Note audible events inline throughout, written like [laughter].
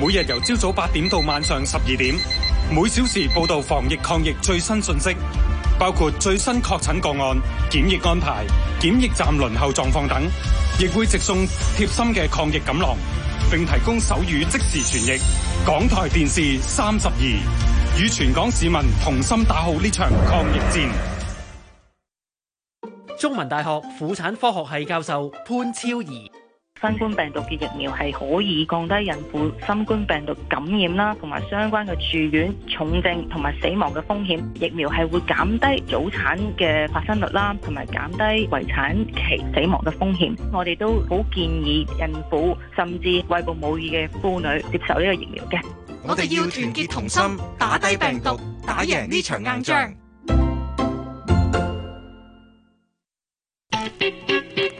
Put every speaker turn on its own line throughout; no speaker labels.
每日由朝早八點到晚上十二點，每小時報道防疫抗疫最新信息，包括最新確診個案、檢疫安排、檢疫站輪候狀況等，亦會直送貼心嘅抗疫錦囊，並提供手語即時傳譯。港台電視三十二與全港市民同心打好呢場抗疫戰。中文大
學婦產科學系教授潘超儀。新冠病毒嘅疫苗係可以降低孕婦新冠病毒感染啦，同埋相關嘅住院、重症同埋死亡嘅風險。疫苗係會減低早產嘅發生率啦，同埋減低圍產期死亡嘅風險。我哋都好建議孕婦甚至餵哺母乳嘅婦女接受呢個疫苗嘅。
我哋要團結同心，打低病毒，打贏呢場硬仗。 [music]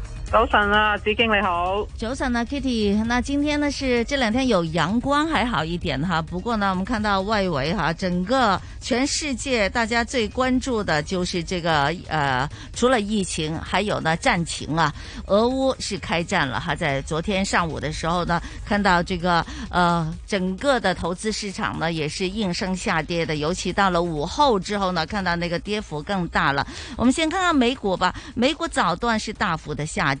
早晨啊，子矜你好。早晨呢、啊、Kitty，那今天呢是這兩天有陽光，還好一點哈。不過呢，我們看到外圍哈，整個全世界大家最關注的就是這個，呃，除了疫情，還有呢戰情啊。俄烏是開戰了哈，在昨天上午的時候呢，看到這個，呃，整個的投資市場呢也是應聲下跌的，尤其到了午後之後呢，看到那個跌幅更大了。我們先看看美股吧，美股早段是大幅的下跌。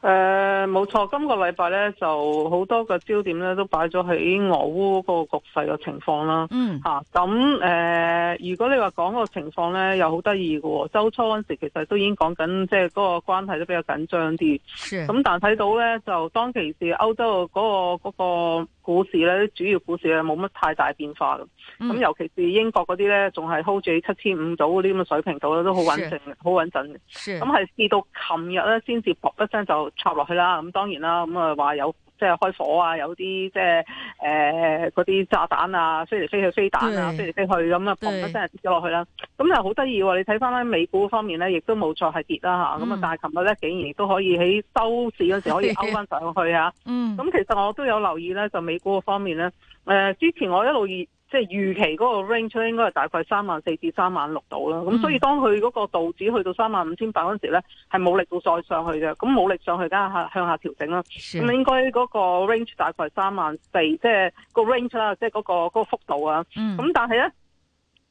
誒，冇、呃、錯，今、這個禮拜咧就好多個焦點咧都擺咗喺俄烏嗰個局勢嘅情況啦。嗯，吓、啊，咁誒、呃，如果你話講個情況咧，又好得意嘅喎。周初嗰時其實都已經講緊，即係嗰、那個關係都比較緊張啲。咁是但係睇到咧，就當其時歐洲嗰、那個嗰、那個股市咧，主要股市咧冇乜太大變化咁、嗯、尤其是英國嗰啲咧，仲係 hold 住七千五到嗰啲咁嘅水平度咧，都好穩陣，好是穩陣咁係至到琴日咧，先至卜一聲就。插落去啦，咁當然啦，咁啊話有即係開火啊，有啲即係誒嗰啲炸彈啊，飛嚟飛去飛彈啊，飛嚟對飛去咁啊，嘭一聲跌咗落去啦，咁又好得意喎！你睇翻咧美股方面咧，亦都冇再係跌啦嚇，咁啊、嗯、但係琴日咧竟然亦都可以喺收市嗰時可以勾翻上去嚇，咁的、嗯、其實我都有留意咧，就美股方面咧，誒、呃、之前我一路以。即係預期嗰個 range 咧應該係大概三萬四至三萬六度啦，咁、嗯、所以當佢嗰個道指去到三萬五千八嗰陣時咧，係冇力到再上去嘅，咁冇力上去，梗係向下調整啦。咁是應該嗰個 range 大概三萬四，即係個 range 啦、嗰個，即係嗰個幅度啊。咁、嗯、但係咧。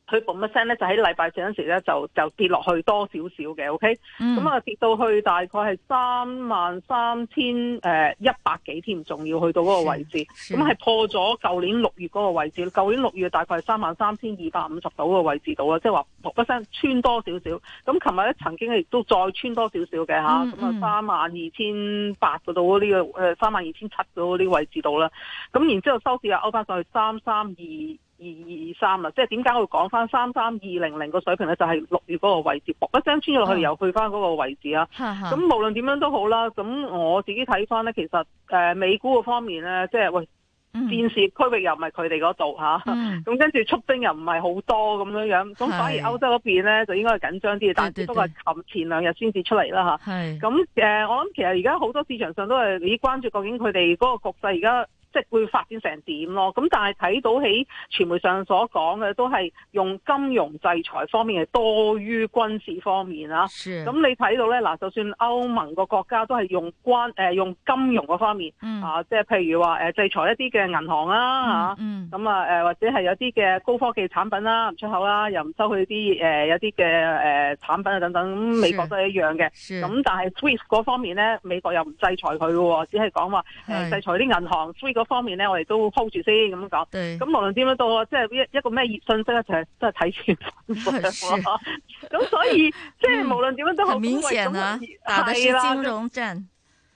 佢冇乜聲咧，就喺禮拜四嗰陣時咧，就就跌落去多少少嘅，OK，咁啊、嗯、跌到去大概係三萬三千誒一百幾添，仲要去到嗰個位置，咁係破咗舊年六月嗰個位置。舊年六月大概係三萬三、就是嗯嗯、千二百五十度嗰個位置度啦，即係話冇乜聲穿多少少。咁琴日咧曾經亦都再穿多少少嘅吓，咁啊三萬二千八嗰度呢個誒三萬二千七嗰啲位置度啦。咁然之後收市又勾翻上去三三二。二二二三啦，3，即係點解我會講翻三三二零零個水平咧？就係、是、六月嗰個位置，博一聲穿咗落去又去翻嗰個位置啦。咁、嗯嗯、無論點樣都好啦。咁我自己睇翻咧，其實誒、呃、美股個方面咧，即係喂，
戰事
區域又唔係佢哋嗰度吓。咁、啊嗯嗯、跟住出兵又唔係好多咁樣樣。咁反而歐洲嗰邊咧就應該係緊張啲，但係只不過前兩日先至出嚟啦吓。咁誒，我諗其實而家好多市場上都係你關注究竟佢哋嗰個局勢而家，即係會發展成點咯？咁但係睇到喺傳媒上所講嘅都係用金融制裁方面係多於軍事方面啦。咁是你睇到咧嗱，就算歐盟個國家都係用軍誒用金融嗰方面、嗯、啊，即係譬如話制裁一啲嘅銀行啦咁、嗯嗯、啊或者係有啲嘅高科技產品啦唔出口啦，又唔收佢啲有啲嘅誒產品啊等等。咁美國都係一樣嘅。咁但係 Swift 嗰方面咧，美國又唔制裁佢喎，只係講話制裁啲銀行 w t 是方面咧，我哋都 hold 住先咁樣講。咁對無論點樣都，即係一一個咩熱訊息就係真係睇全幅。咁所以即係無論點樣都好，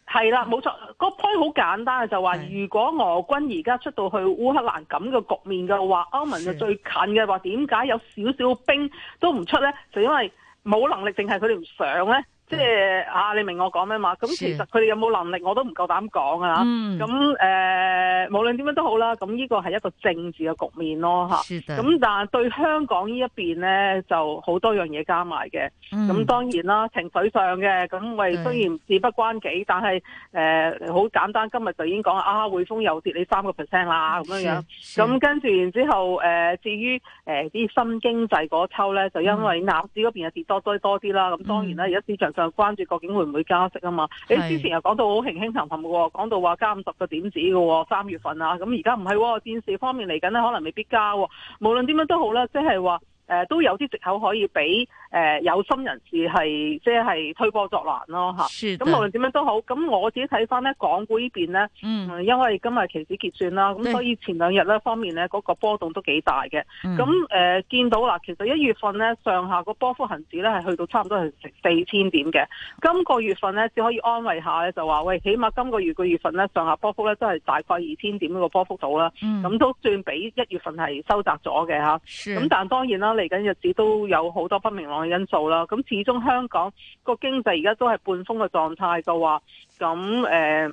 係啦，冇錯。錯個 point 好簡單就話對如果俄軍而家出到去烏克蘭咁嘅局面嘅話，歐盟就最近嘅話，點解有少少兵都唔出咧？就因為冇能力定係佢哋唔想咧？即係、嗯、啊，你明我講咩嘛？咁其實佢哋有冇能力，我都唔夠膽講啊。咁誒、嗯呃，無論點樣都好啦。咁呢個係一個政治嘅局面咯，吓，咁的但係對香港呢一邊咧，就好多樣嘢加埋嘅。咁、嗯、當然啦，情緒上嘅咁，為雖然事不關己，的但係誒好簡單。今日就已經講啊，匯豐又跌你三個 percent 啦，咁樣樣。咁跟住然之後誒、呃，至於啲、呃、新經濟嗰抽咧，就因為納指嗰邊又跌多多多啲啦。咁當然啦，而家市場上。關注究竟會唔會加息啊嘛？誒，之前又講到好輕輕騰騰嘅，講到話加五十個點子嘅，三月份啊，咁而家唔係，電視方面嚟緊咧，可能未必加啊。無論點樣都好啦，即係話。誒、呃，都有啲藉口可以俾誒、呃、有心人士係即係推波作難咯吓，咁無論點樣都好。咁我自己睇翻呢港股呢邊咧、嗯嗯，因為今日期指結算啦，咁是、嗯、所以前兩日呢方面呢，嗰、那個波動都幾大嘅。咁誒、嗯嗯呃，見到啦，其實一月份呢，上下個波幅恒指呢係去到差唔多係成四千點嘅。今個月份呢，只可以安慰下咧，就話喂，起碼今個月個月份呢，上下波幅呢都係大概二千點個波幅度啦。咁、嗯嗯、都算比一月份係收窄咗嘅吓。咁是但當然啦。嚟緊日子都有好多不明朗嘅因素啦，咁始終香港個經濟而家都係半封嘅狀態就話，咁誒。呃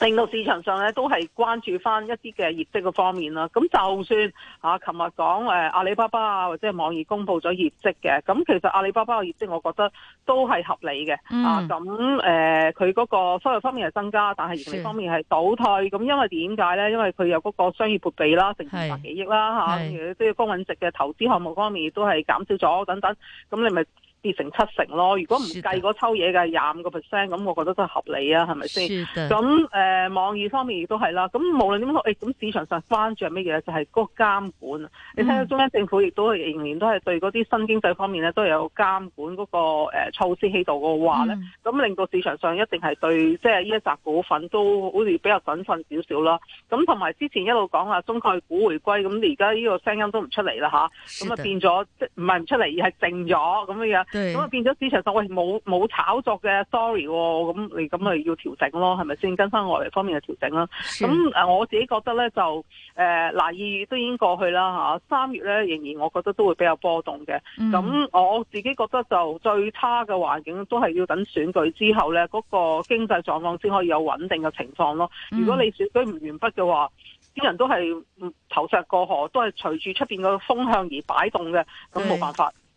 令到市場上咧都係關注翻一啲嘅業績嘅方面咯。咁就算嚇、啊，琴日講誒阿里巴巴啊，或者係網易公布咗業績嘅。咁其實阿里巴巴嘅業績，我覺得都係合理嘅。嗯、啊，咁、嗯、誒，佢、呃、嗰個收入方面係增加，但係盈利方面係倒退。咁是因為點解咧？因為佢有嗰個商業撥備啦，成百幾億啦嚇。係是。公允值嘅投資項目方面都係減少咗等等。咁你咪？跌成七成咯，如果唔計嗰抽嘢嘅廿五個 percent，咁我覺得都係合理啊，係咪先？咁誒的、嗯嗯、網易方面亦都係啦，咁無論點講，誒、哎、咁市場上關注係乜嘢咧？就係、是、嗰個監管。你睇到中央政府亦都係仍然都係對嗰啲新經濟方面咧都有監管嗰、那個、呃、措施喺度嘅話咧，咁的令到市場上一定係對即係呢一隻股份都好似比較謹慎少少啦。咁同埋之前一路講話中概股回歸，咁而家呢個聲音都唔出嚟啦吓，咁啊就變咗即唔係唔出嚟而係靜咗咁樣樣。咁啊，對變咗市場上喂冇冇炒作嘅 story 喎、哦，咁你咁咪要調整咯，係咪先，跟翻外嚟方面嘅調整啦？咁我自己覺得咧就誒，嗱、呃、二月都已經過去啦、啊、三月咧仍然我覺得都會比較波動嘅。咁、嗯、我自己覺得就最差嘅環境都係要等選舉之後咧，嗰、那個經濟狀況先可以有穩定嘅情況咯。嗯、如果你選舉唔完畢嘅話，啲人都係投石過河，都係隨住出邊個風向而擺動嘅，咁冇辦法。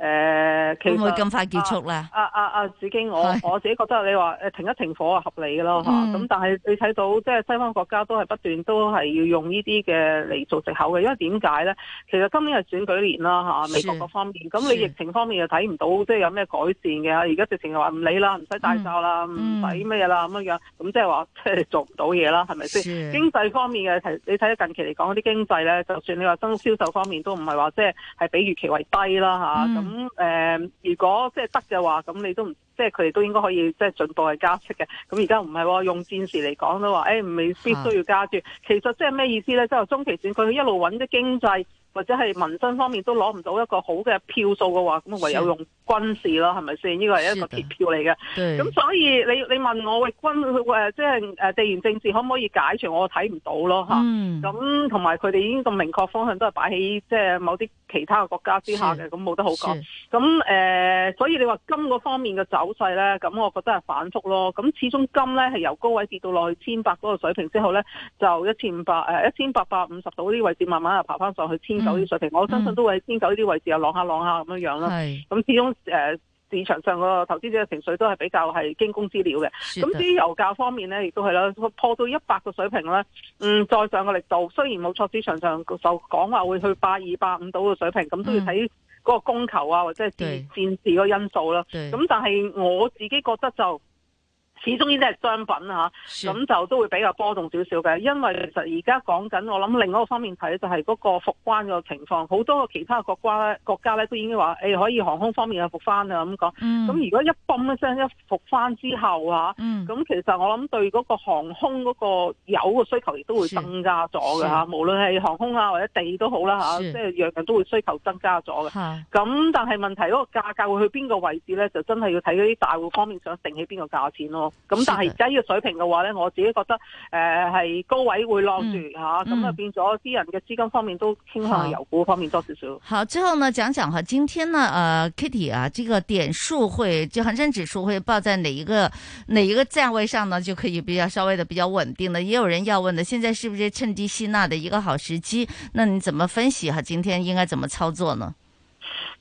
誒、呃、會唔會咁快結束咧、啊？啊啊啊！子矜我是我自己覺得你，你話誒停一停火、嗯、啊，合理嘅咯嚇。咁但係你睇到即係西方國家都係不斷都係要用呢啲嘅嚟做藉口嘅，因為點解咧？其實今年係選舉年啦嚇、啊，美國各方面咁是你疫情方面又睇唔到，是即係有咩改善嘅？而家直情係話唔理啦，唔使戴罩啦，唔使咩嘢啦咁樣。咁即係話即係做唔到嘢啦，係咪先？是經濟方面嘅，你睇近期嚟講啲經濟咧，就算你話新銷售方面都唔係話即係係比預期為低啦嚇咁。啊嗯咁誒、嗯，如果即係得嘅話，咁你都唔即係佢哋都應該可以即係進步係加息嘅。咁而家唔係用戰時嚟講都話，誒、欸、未必都要加住。啊、其實即係咩意思咧？即係中期選舉，佢一路搵啲經濟。或者係民生方面都攞唔到一個好嘅票數嘅話，咁唯有用軍事囉，係咪先？呢個係一個鐵票嚟嘅。咁所以你你問我軍，喂軍即係誒地緣政治可唔可以解除？我睇唔到咯嚇。咁同埋佢哋已經咁明確方向都係擺喺即係某啲其他嘅國家之下嘅，咁冇的得好講。咁誒的、呃，所以你話金嗰方面嘅走勢咧，咁我覺得係反覆咯。咁始終金咧係由高位跌到落去千八嗰個水平之後咧，就一千五百誒一千八百五十度呢位置慢慢又爬翻上去千。走嘅、嗯嗯、水平，我相信都會先走九呢啲位置又、嗯、浪下浪下咁樣樣咯。咁是始終誒、呃、市場上個投資者嘅情緒都係比較係驚弓之鳥嘅。咁至於油價方面咧，亦都係啦，破到一百個水平咧，嗯，再上個力度雖然冇錯，市場上就講話會去八二八五到嘅水平，咁、嗯、都要睇嗰個供求啊，或者戰戰事嗰個因素啦。咁對但係我自己覺得就。始終呢啲係商品咁是、啊、就都會比較波動少少嘅。因為其實而家講緊，我諗另一個方面睇就係、是、嗰個復關個情況。好多個其他國家咧國家咧都已經話誒、哎、可以航空方面啊復翻啦咁講。咁、嗯、如果一泵一聲一復翻之後啊，咁、嗯、其實我諗對嗰個航空嗰個油個需求亦都會增加咗嘅吓。無論係航空啊或者地都好啦吓，即係樣樣都會需求增加咗嘅。咁是、啊、但係問題嗰個價格會去邊個位置咧？就真係要睇嗰啲大戶方面想定起邊個價錢咯、啊。咁但係而家呢個水平嘅話咧，的我自己覺得誒係、呃、高位會落住吓，咁、嗯、啊變咗啲人嘅資金方面都傾向油股方面多少少。
好，最後呢講講哈，今天呢，呃 Kitty 啊，這個點數會，就恒生指數會報在哪一個，哪一個價位上呢？就可以比較稍微的比較穩定。的，也有人要問的，現在是不是趁機吸納的一個好時機？那你怎麼分析哈？今天應該怎麼操作呢？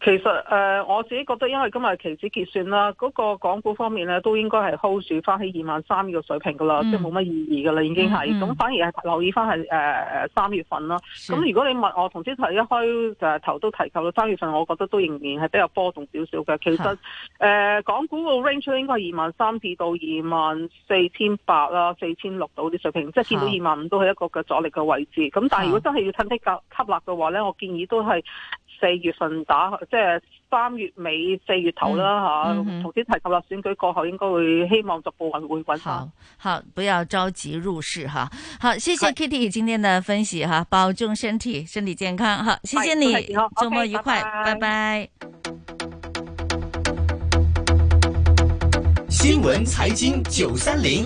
其實誒、呃，我自己覺得因為今日期指結算啦，嗰、那個港股方面咧都應該係 hold 住翻起二萬三呢個水平噶啦，嗯、即係冇乜意義噶啦，已經係咁，嗯、反而係留意翻係誒誒三月份啦。咁是如果你問我同，同之前一開就頭都提及到三月份，我覺得都仍然係比較波動少少嘅。其實誒是、呃，港股個 range 應該係二萬三至到二萬四千八啦，四千六度啲水平，是即係見到二萬五都係一個嘅阻力嘅位置。咁是但係如果真係要趁低吸吸納嘅話咧，我建議都係。四月份打即係三月尾四月頭啦吓，頭先提及啦選舉過後應該會希望逐步會會滾好，
好，不要着急入市哈、啊。好，謝謝 Kitty 今天的分析哈、啊，保重身體，身體健康哈，謝謝你，okay, okay, 周末愉快，okay, 拜拜。
新聞財經九三零。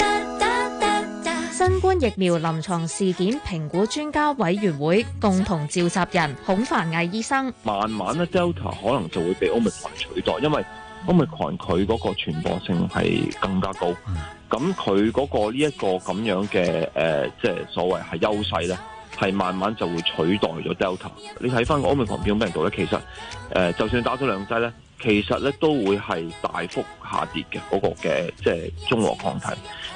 新冠疫苗
臨床事件評估專家委員會共同召集人孔凡毅醫生，
慢慢咧，Delta 可能就會被 omicron 取代，因為 omicron 佢嗰個傳播性係更加高，咁佢嗰個呢一個咁樣嘅誒、呃，即係所謂係優勢咧，係慢慢就會取代咗 Delta。你睇翻個 omicron 變種病毒咧，其實誒、呃，就算打咗兩劑咧，其實咧都會係大幅下跌嘅嗰、那個嘅即係中和抗體，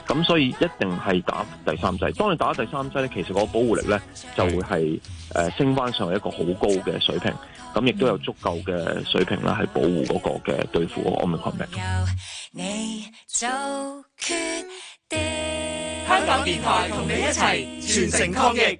咁所以一定係打第三劑。當你打
第三劑咧，其實個保護力咧就會係誒、呃、升翻上去一個好高嘅水平，咁亦都有足夠嘅水平啦，係保護嗰個嘅對付奧密克戎。香
港電台同你一齊全城抗疫。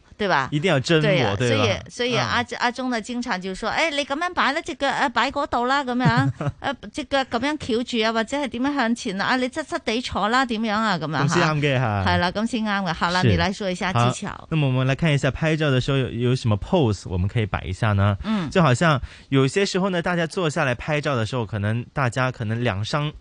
對吧？一定要真我，對，啊、對吧？所以所以阿阿鍾就經常就說，哎你咁樣擺啦，這個，隻腳誒擺嗰度啦，咁樣，誒隻腳咁樣翹、 [laughs] 啊這個，住啊，或者係點樣向前啊？你側側地坐啦，點樣啊？咁、 [laughs] 嗯、啊，咁先啱嘅吓，係啦，嗯，咁先啱嘅。好啦，你嚟說一下技巧，
那麼我們來看一下拍照的時候有，有什麼 pose，我們可以擺一下呢？嗯，就好像有些時候呢，大家坐下來拍照的時候，可能大家可能兩雙。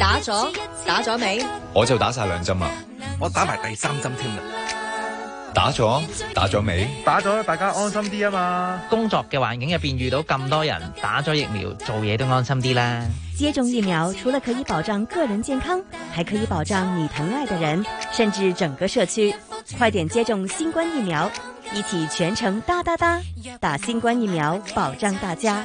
打咗，打咗未？我就打晒兩針啊，我打埋第三針添啦。打咗，打咗未？打咗，大家安心啲啊嘛。
工作嘅環境入邊遇到咁多人，打咗疫苗做嘢都安心啲啦。
接種疫苗除了可以保障個人健康，還可以保障你疼愛嘅人，甚至整個社區。快點接種新冠疫苗，一起全程噠噠噠噠，打新冠疫苗，保障大家。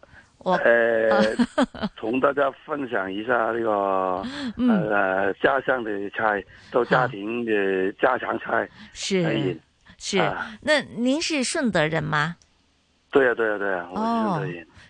Oh, 呃 [laughs] 同大家分享一下這個呃家鄉的菜，做、嗯、家庭的家常菜，嗯、是，可以、嗯，
是。啊、那您是順德人嗎？
對啊，對啊，對啊，我是順德人。
Oh.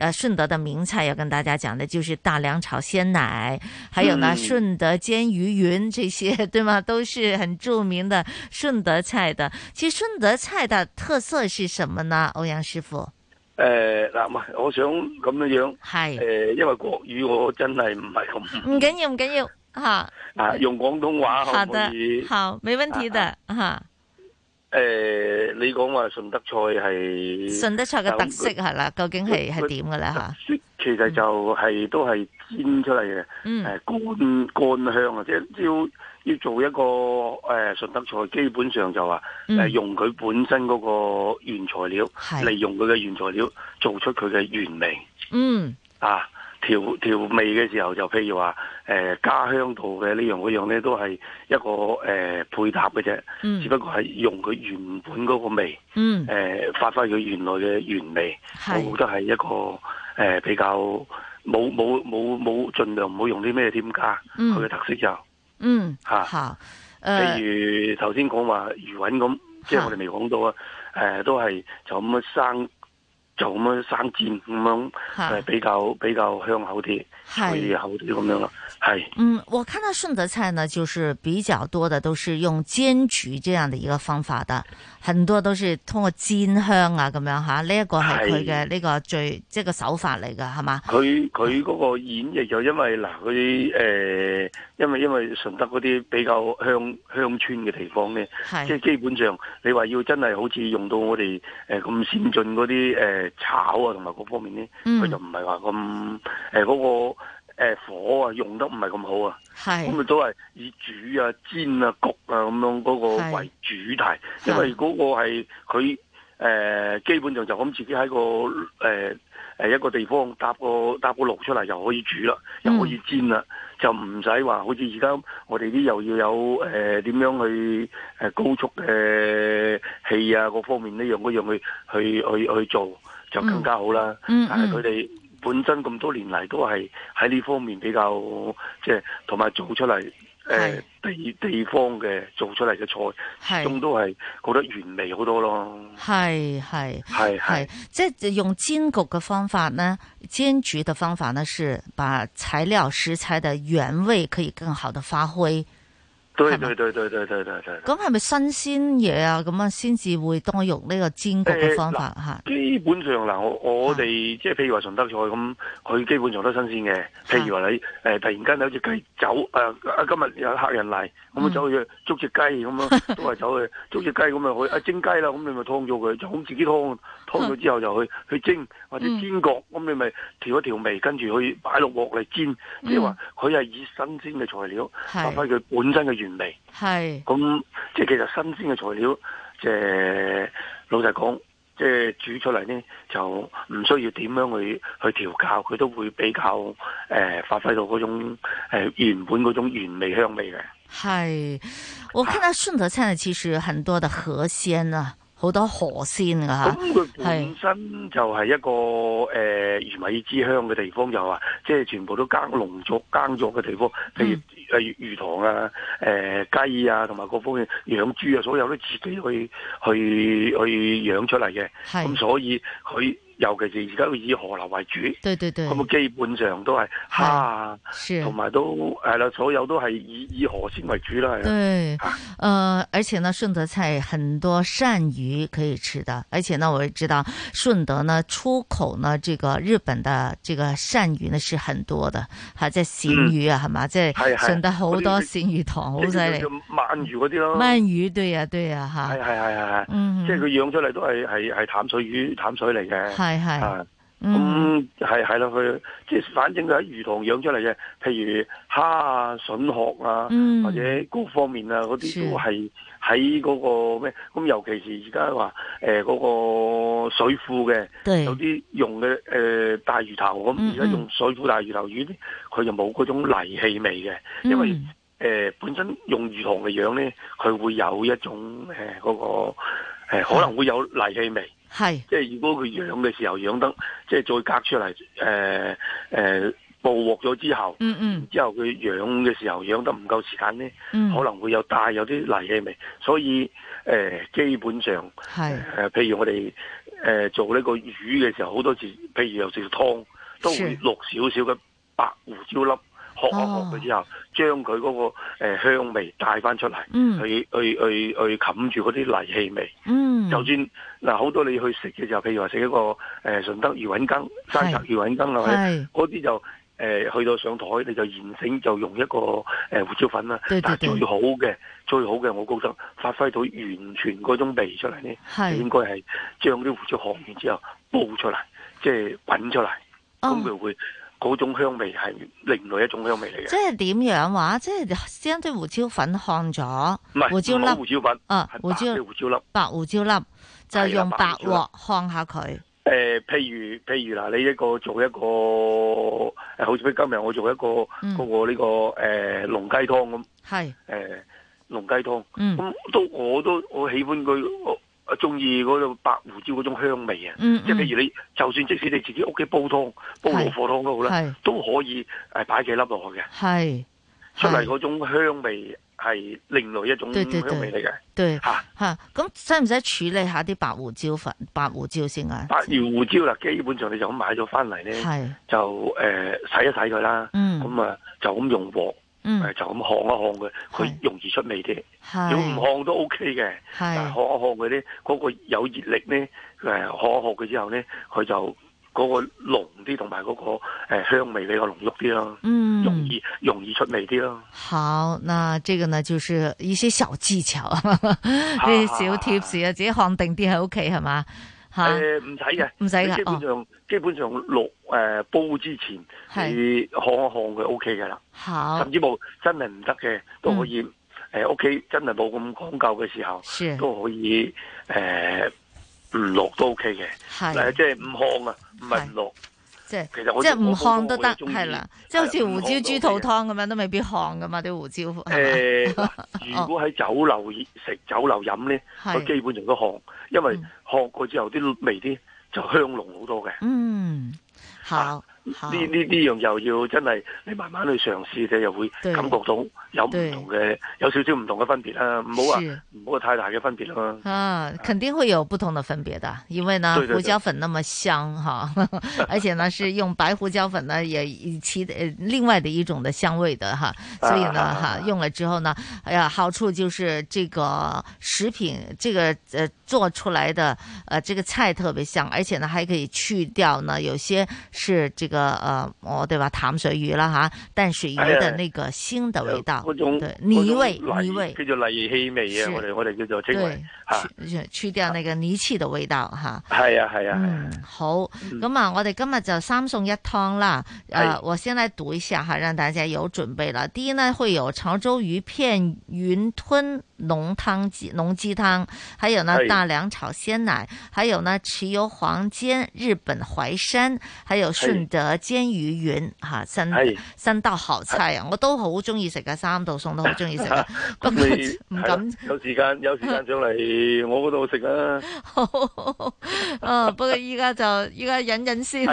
呃，順、啊、德的名菜要跟大家講的就是大良炒鮮奶，還有呢順、嗯、德煎魚雲這些，對嗎？都是很著名的順德菜的。其實順德菜的特色是什麼呢？歐陽師傅，
呃嗱，唔，我想咁樣樣，係是，誒、呃，因為國語我真係唔係咁，唔
緊要，唔緊要，吓，啊，用
廣東話可唔可以？好的，好，好，
沒問題的，哈、啊啊啊
誒、嗯，你講話順德菜係，順德菜嘅特色係、
嗯、啦，究竟係係點嘅咧？吓它，
是其實就係、是嗯、都係煎出嚟嘅，誒、嗯，乾乾香或者要要做一個誒呃、順德菜，基本上就話、是、誒、嗯、用佢本身嗰個原材料，的利用佢嘅原材料做出佢嘅原味。嗯，啊。調調味嘅時候，就譬如話，誒加香料嘅呢樣嗰樣咧，都係一個誒配搭嘅啫。嗯。只不過係用佢原本嗰個味。嗯。誒，發揮佢原來嘅原味，我覺得係一個誒比較冇冇冇冇盡量唔好用啲咩添加。嗯。佢嘅特色就。嗯。吓吓。譬如頭先講話魚雲咁，即係我哋未講到啊。誒，都係就咁樣生。就咁樣生，生煎咁樣，係比較比較香口啲，脆口啲咁樣咯。係，
是嗯，我看到順德菜呢，就是比較多的都是用煎煮這樣的一個方法的，很多都是通過煎香啊咁樣吓，呢、啊、一、這個係佢嘅呢個最即係是個手法嚟㗎，係嘛？
佢佢嗰個演繹就因為嗱佢誒，因為因為順德嗰啲比較鄉鄉村嘅地方呢，是即係基本上你話要真係好似用到我哋誒咁先進嗰啲誒炒啊同埋各方面呢，佢、嗯、就唔係話咁誒個。誒火啊，用得唔係咁好啊，咁咪是都係以煮啊、煎啊、焗啊咁樣嗰個為主題，是因為嗰個係佢誒基本上就咁自己喺個誒、呃、一個地方搭個搭個爐出嚟就可以煮啦，嗯、又可以煎啦，就唔使話好似而家我哋啲又要有誒點、呃、樣去高速嘅氣啊各、那個、方面呢樣嗰樣去去去去做就更加好啦，嗯、嗯嗯但係佢哋，本身咁多年嚟都係喺呢方面比較，即係同埋做出嚟誒是、呃、地地方嘅做出嚟嘅菜，係咁是都係覺得原味好多咯。
係係係係，即係用煎焗嘅方法咧，煎煮嘅方法咧，是把材料食材嘅原味可以更好的發揮。
對對對
對對對對。
咁係咪新鮮嘢啊？咁啊先至會多用呢個煎焗嘅方法嚇。
基本上嗱，我我哋即係譬如話順德菜咁，佢基本上都新鮮嘅。譬如話你誒突然間有隻雞走誒，今日有客人嚟，咁走去捉隻雞咁樣，都係走去捉隻雞咁啊去啊蒸雞啦，咁你咪湯咗佢，就自己湯。好咗之後就去去蒸或者煎焗，咁你咪調一調味，跟住去擺落鑊嚟煎，嗯、即係話佢係以新鮮嘅材料發揮佢本身嘅原味。
係是，
咁即係其實新鮮嘅材料，即係老實講，即係煮出嚟呢，就唔需要點樣去去調校，佢都會比較誒、呃、發揮到嗰種、呃、原本嗰種原味香味嘅。
係，我看到順德菜咧，其實很多的河鮮啊。好多河鮮㗎，咁
佢本身就係一個誒是、呃、魚米之鄉嘅地方，就話即係全部都耕農作耕作嘅地方，譬如誒魚塘啊、誒、呃、雞啊同埋各方面養豬啊，所有都自己去去去養出嚟嘅，咁是所以佢。尤其是而家佢以河流為主，對對對，咁基本上都係蝦啊，同埋都係啦，所有都係以以河鮮為主啦。對，
呃，而且呢，順德菜很多鱔魚可以吃的，而且呢，我知道順德呢出口呢，這個日本的這個鱔魚呢是很多的，係即係鱔魚啊，係嘛，即係順德好多鱔魚塘好犀利，
鰻魚嗰啲咯，鰻魚
對啊對啊嚇，
係係係係，即係佢養出嚟都係係係淡水魚、淡水嚟嘅。係係，咁係係喇，佢、啊嗯嗯、即係反正佢喺魚塘養出嚟嘅，譬如蝦啊、筍殼啊，嗯、或者菇方面啊，嗰啲都係喺嗰個咩？咁尤其是而家話誒嗰個水庫嘅，對有啲用嘅誒、呃、大魚頭咁，而家、嗯、用水庫大魚頭魚，佢就冇嗰種泥氣味嘅，因為誒、嗯呃、本身用魚塘嚟養咧，佢會有一種誒嗰、呃那個誒、呃、可能會有泥氣味。係，是即係如果佢養嘅時候養得，即係再隔出嚟，誒、呃、誒、呃，捕獲咗之後，嗯嗯，嗯之後佢養嘅時候養得唔夠時間咧，嗯、可能會有帶有啲泥氣味，所以誒、呃、基本上係，誒是、呃、譬如我哋誒、呃、做呢個魚嘅時候，好多次，譬如又食湯，都會落少少嘅白胡椒粒。學學佢之後，將佢嗰個誒香味帶翻出嚟、mm.，去去去去冚住嗰啲泥氣味。嗯
，mm. 就
算嗱好、啊、多你去食嘅時候，譬如話食一個誒順、呃、德魚滾羹、是生灼魚滾羹啊，嗰啲是就誒、呃、去到上台，你就現成就用一個誒、呃、胡椒粉啦。對對對，但係最好嘅，最好嘅，我覺得發揮到完全嗰種味出嚟咧，是應該係將啲胡椒學完之後煲出嚟，即係滾出嚟，咁佢、oh. 會。嗰種香味係另外一種香味嚟嘅，即係點
樣話？即係將啲胡椒粉烘咗，
啊、胡椒粒、胡椒粉啊，胡椒粒、的胡椒粒，
白胡椒粒
就用白鑊烘下佢。誒，譬如譬如嗱，你一個做一個，好似今日我做一個嗰、嗯、個呢、這個誒濃雞湯咁，係、呃、誒濃雞湯，
咁都
我都我喜歡佢。中意嗰種白胡椒嗰種香味啊，即係譬如你就算即使你自己屋企煲湯煲老火湯都好咧，都可以誒擺幾粒落去
嘅，
出嚟嗰種香味係另外一種香味嚟嘅。對吓
吓，咁使唔使處理下啲白胡椒粉、白胡椒先啊？
白胡椒啦，基本上你就咁買咗翻嚟咧，是就誒、呃、洗一洗佢啦，咁啊、嗯、就咁用鑊。嗯，誒、呃，就咁烘一烘佢，佢是容易出味啲。是如果唔烘都 OK 嘅。係是、那個呃，烘一烘佢咧，嗰個有熱力咧，誒，烘一烘佢之後咧，佢就嗰個濃啲，同埋嗰個誒、呃、香味比較濃郁啲咯。嗯，容易容易出味啲咯。
好，嗱，呢個呢，就是一些小技巧，啲、啊、小 t 士 p 啊，自己看定啲喺屋企係嘛？誒，唔使
嘅，唔使、呃、基本上、哦、基本上落誒、呃、煲之前係烘是一烘佢 O K 嘅啦，好
甚
至乎真係唔得嘅都可以，誒，屋企真係冇咁講究嘅時候是都可以誒唔落都 O K 嘅，係即係唔烘啊，唔係唔落。就是不是
即係，即係唔烘都得，係啦，即係好似胡椒豬肚湯咁樣都未必烘㗎嘛，啲胡椒。誒，
如果喺酒樓食、酒樓飲咧，佢基本上都烘，因為烘過之後啲味啲就香濃好多嘅。嗯，
好。呢呢呢
樣又要真係你慢慢去嘗試嘅，又會感覺到有唔同嘅，對有少少唔同嘅對分別啊。唔好話唔好話太大嘅分別咯。啊，
肯定會有不同的分別的，因為呢對對對胡椒粉那麼香哈， [laughs] 而且呢是用白胡椒粉呢，也以其另外的一種的香味的哈，啊、 [laughs] 所以呢哈、啊、用了之後呢，哎、啊、呀，好處就是這個食品，這個呃做出來的，呃、啊、這個菜特別香，而且呢還可以去掉呢有些是這個。個誒，我哋話淡水魚啦吓，淡水魚嘅那個腥的味道，嗰種泥味、泥味，
叫做泥氣味啊！我哋我哋叫做
稱為去掉那個泥氣嘅味道吓。
係啊係啊
好，咁啊，我哋今日就三餸一湯啦。誒，我先嚟讀一下哈，讓大家有準備啦。第一呢，會有潮州魚片雲吞。濃湯雞、濃雞湯，還有呢大良炒鮮奶，還有呢豉油黃煎、日本淮山，還有順德煎魚丸，吓三三道好菜，係我都好中意食嘅，三道餸都好中意食。
咁有時間有時間上嚟我嗰度食啊！
不過依家就依家忍忍先。依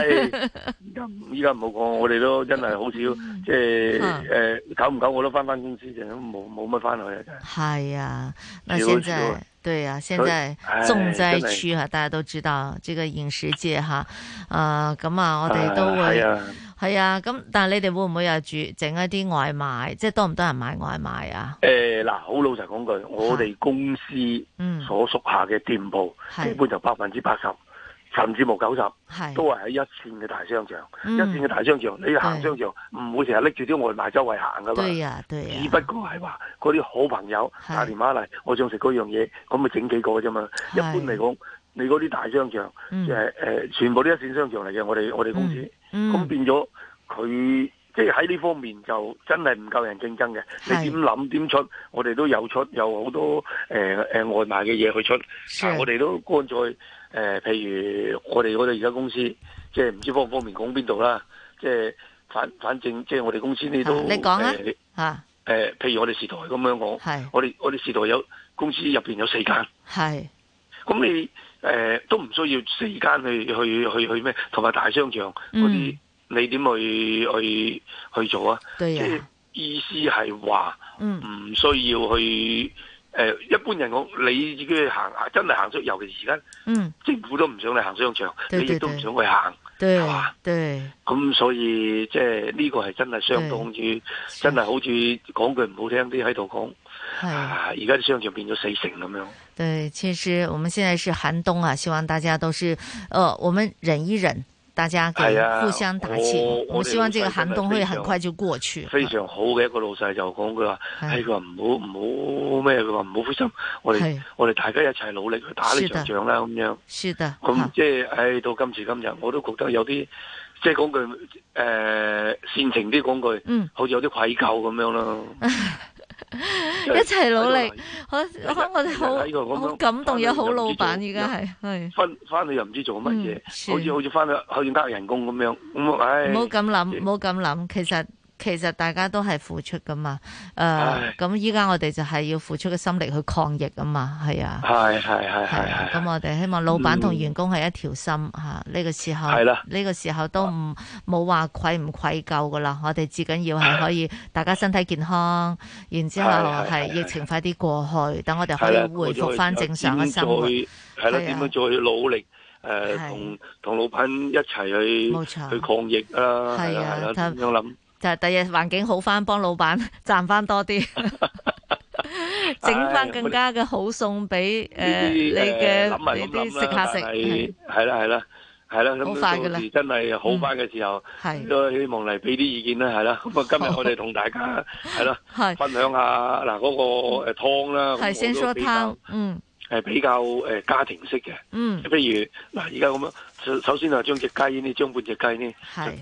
家依家唔好講，我哋都真係好少，即係誒，久唔久我都翻翻公司，就冇冇乜翻去啊，真係。
係啊。啊，那現在去去對啊，現在重災區啊，哎、大家都知道，這個飲食界哈，啊、呃、咁啊，我哋都會、哎、啊，係啊，咁但係你哋會唔會又煮整一啲外賣？即係多唔多人買外賣啊？
誒、哎，嗱，好老實講句，我哋公司嗯所屬下嘅店鋪，基本就百分之八十。甚至冇九十，都係喺一線嘅大商場，
一線嘅大商場，你行
商場唔會成日拎住啲外賣周圍行噶嘛？對
啊，對。只不
過係話嗰啲好朋友打電話嚟，我想食嗰樣嘢，咁咪整幾個啫嘛。一般嚟講，你嗰啲大商場，即係誒全部都一線商場嚟嘅，我哋我哋公司，咁變咗佢，即係喺呢方面就真係唔夠人競爭嘅。你點諗點出？我哋都有出，有好多誒誒外賣嘅嘢去出，但我哋都乾脆。誒、呃，譬如我哋我而家公司，即係唔知方唔方便講邊度啦，即係反反正即係我哋公司呢都，啊、你講、呃、啊吓？誒、呃，譬如我哋時代係咁樣講，係是我哋我哋時代有公司入邊有四間，係咁是你誒、呃、都唔需要四間去去去去咩？同埋大商場嗰啲，嗯、你點去去去做啊？即係、啊、意思係話唔需要去。誒、呃，一般人講你自己行啊，真係行出，尤其是而家，嗯，政府都唔想你行商場，對對對你亦都唔想
去行，係嘛？對，
咁哇對、嗯、所以即係呢個係真係相當於，對真係好似講句唔好聽啲喺度講，的啊，而家啲商場變咗死城咁樣。
對，其實我們現在是寒冬啊，希望大家都是，誒、呃，我們忍一忍。大家互相打氣，啊、我，我希望這個寒冬會很快就過去。
的非，常非常好嘅一個老細就講佢話，哎佢話唔好唔好咩，佢話唔好灰心，我哋的我哋大家一齊努力去打呢場仗啦，咁樣。是的，咁即係，哎到今時今日，我都覺得有啲即係講句誒煽情啲講句，好似有啲愧疚咁樣咯。嗯 [laughs]
[laughs] 一齊努力，我我我哋好、這個就是、好感動有好老闆，而家係係
翻翻去又唔知做乜嘢，好似好似翻去好似得人工咁樣，咁唉冇咁諗，
冇咁諗，其實。其實大家都係付出噶嘛，誒，咁依家我哋就係要付出嘅心力去抗疫啊嘛，係啊，
係係係係，咁我
哋希望老闆同員工係一條心吓，呢個時候，呢個時候都唔冇話愧唔愧疚噶啦，我哋至緊要係可以大家身體健康，然之後係疫情快啲過去，等我哋可以回復翻正常嘅生活，係啦，點樣
再努力誒，同同老闆一齊去去抗疫啊，係啊，點樣諗？
就係第日環境好翻，幫老闆賺翻多啲，整翻更加嘅好餸俾誒你嘅食客食，
係啦，係啦，係啦，咁到時真係好翻嘅時候，都希望嚟俾啲意見啦，係啦。咁啊今日我哋同大家係啦，分享下嗱嗰個誒湯啦，我都比較
嗯，係
比較誒家庭式嘅，嗯，譬如嗱而家咁樣。首先啊，將隻雞呢，將半隻雞呢，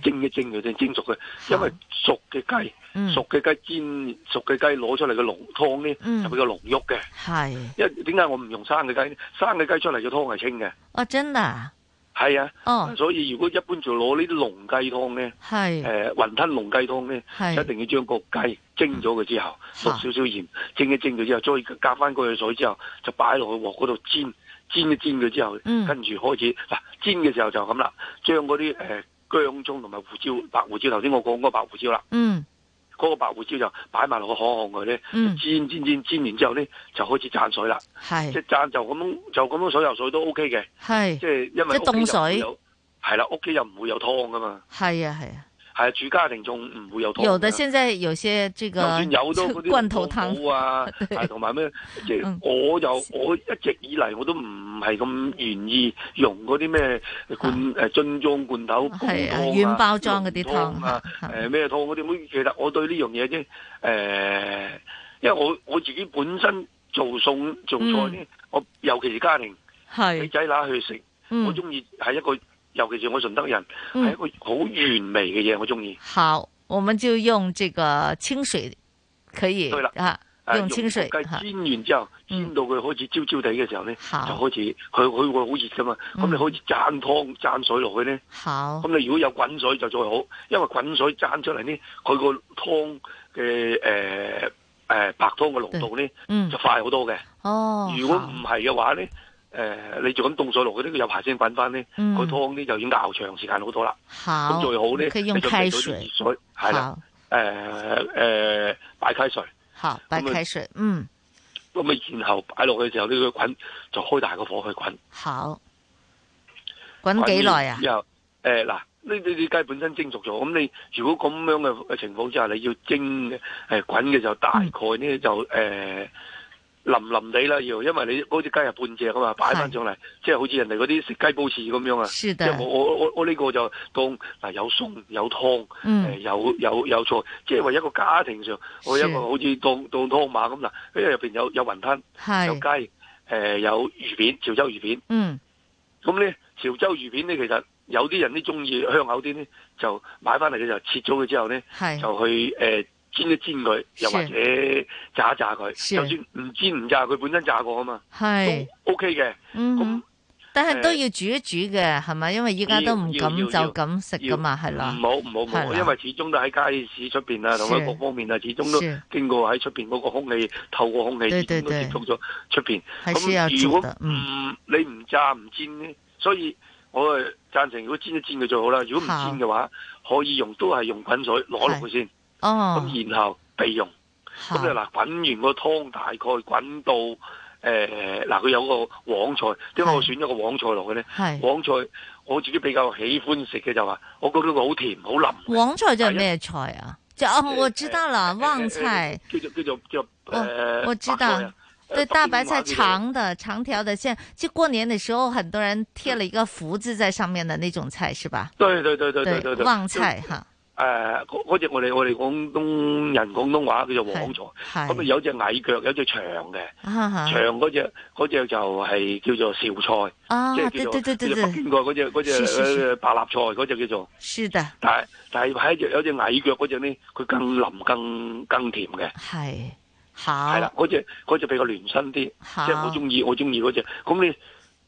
蒸一蒸佢，先蒸熟佢。因為熟嘅雞，熟嘅雞煎，熟嘅雞攞出嚟嘅濃湯呢，就比較濃郁嘅。係，因為點解我唔用生嘅雞呢？生嘅雞出嚟嘅湯係清嘅。
哦，真㗎。
係啊。哦。所以如果一般就攞呢啲濃雞湯咧，係，誒，雲吞濃雞湯咧，係，一定要將個雞蒸咗佢之後，落少少鹽，蒸一蒸咗之後，再加翻過去水之後，就擺落去鑊嗰度煎。煎一煎佢之後，嗯、跟住開始嗱煎嘅時候就咁啦，將嗰啲誒姜葱同埋胡椒白胡椒，頭先我講嗰個白胡椒啦，嗯，嗰個白胡椒就擺埋落去烘佢咧，嗯、煎煎煎煎完之後咧就開始灒水啦，係是即係灒就咁就咁樣所有水都 O K 嘅，係即係因為即凍水有係啦，屋企又唔會有湯噶嘛，
係啊係啊。是啊
係啊，住家庭仲唔會有湯。有的，現
在有些這個罐頭湯啊，係
同埋咩？即係我就我一直以嚟我都唔係咁願意用嗰啲咩罐誒樽裝罐頭湯啊，軟包裝嗰啲湯啊，誒咩湯？我哋其實我對呢樣嘢啫誒，因為我我自己本身做餸做菜咧，我尤其是家庭俾仔乸去食，我中意係一個。尤其是我順德人係一個好原味嘅嘢，我中意。
好，
我們就用這個清水可以。對啦，啊，用清水煎
完之後，煎到佢開始焦焦地嘅時候呢，就開始佢佢會好熱噶嘛。咁你開始攤湯攤水落去呢，
好。咁你如
果有滾水就最好，因為滾水攤出嚟呢，佢個湯嘅誒誒白湯嘅濃度呢，就快好多嘅。
哦，如果唔
係嘅話呢。誒、呃，你做咁凍水落嗰啲，佢、這個、有排先滾翻呢佢湯咧就已經熬長時間好多啦。熬咁最好咧，你用啲熱水，係啦，誒誒擺開水。好，
擺開、呃呃、水，水
樣嗯。咁咪然後擺落去之後，呢、這個滾就開大個火去滾。
好，滾幾耐啊？
又誒嗱，呢啲啲雞本身蒸熟咗，咁你如果咁樣嘅情況之下，你要蒸誒滾嘅就大概咧、嗯、就誒。呃淋淋地啦，要因為你嗰隻雞係半隻啊嘛，擺翻上嚟，是的 即係好似人哋嗰啲食雞煲翅咁樣啊。是的 即係我我我我呢個就當嗱有餸有湯、嗯呃、有有有菜，即係話一個家庭上，我是 一個好似當當湯馬咁啦，跟住入面有有雲吞，是 有雞、呃、有魚片潮州魚片。嗯呢，咁咧潮州魚片咧其實有啲人啲中意香口啲咧，就買翻嚟就切咗佢之後咧是 就去、呃煎一煎佢，又或者炸一炸佢，就算唔煎唔炸，佢本身炸過啊嘛，
係
O K 嘅。咁但係都要
煮一煮嘅，係咪？因為依家都唔敢就咁食噶嘛，係啦。唔
好唔好唔好，因為始終都喺街市出邊啊，同埋各方面啊，始終都經過喺出邊嗰個空氣，透過空氣，始終都接觸咗出邊。咁如果唔你唔炸唔煎呢？所以我贊成如果煎一煎佢最好啦。如果唔煎嘅話，可以用都係用滾水攞落去先。哦，咁然後備用。咁你嗱滾完個湯，大概滾到誒嗱，佢有個旺菜，點解我選咗個旺菜落去咧？旺菜我自己比較喜歡食嘅就話，我覺得佢好甜，好腍。
旺菜即係咩菜啊？就我知道啦，旺菜。叫
做叫做叫誒，我知道，
對大白菜長的長條的，像即過年的時候，很多人貼了一個福字在上面的那種菜，是吧？
對對對對對對，旺菜哈。誒嗰隻我哋，我哋廣東人廣東話叫做黃菜，咁啊、嗯、有一隻矮腳，有一隻長嘅，
啊、哈長
嗰隻嗰隻，就係叫做紹菜，啊、即係叫做你哋北京講嗰隻嗰隻白蘿菜，嗰隻叫做。是的。但係但係，有一隻有一隻矮腳嗰隻咧，佢更腍更更甜嘅。
係。嚇！係啦，嗰隻
嗰隻比較嫩身啲，即係好我中意我中意嗰隻。咁、嗯、你？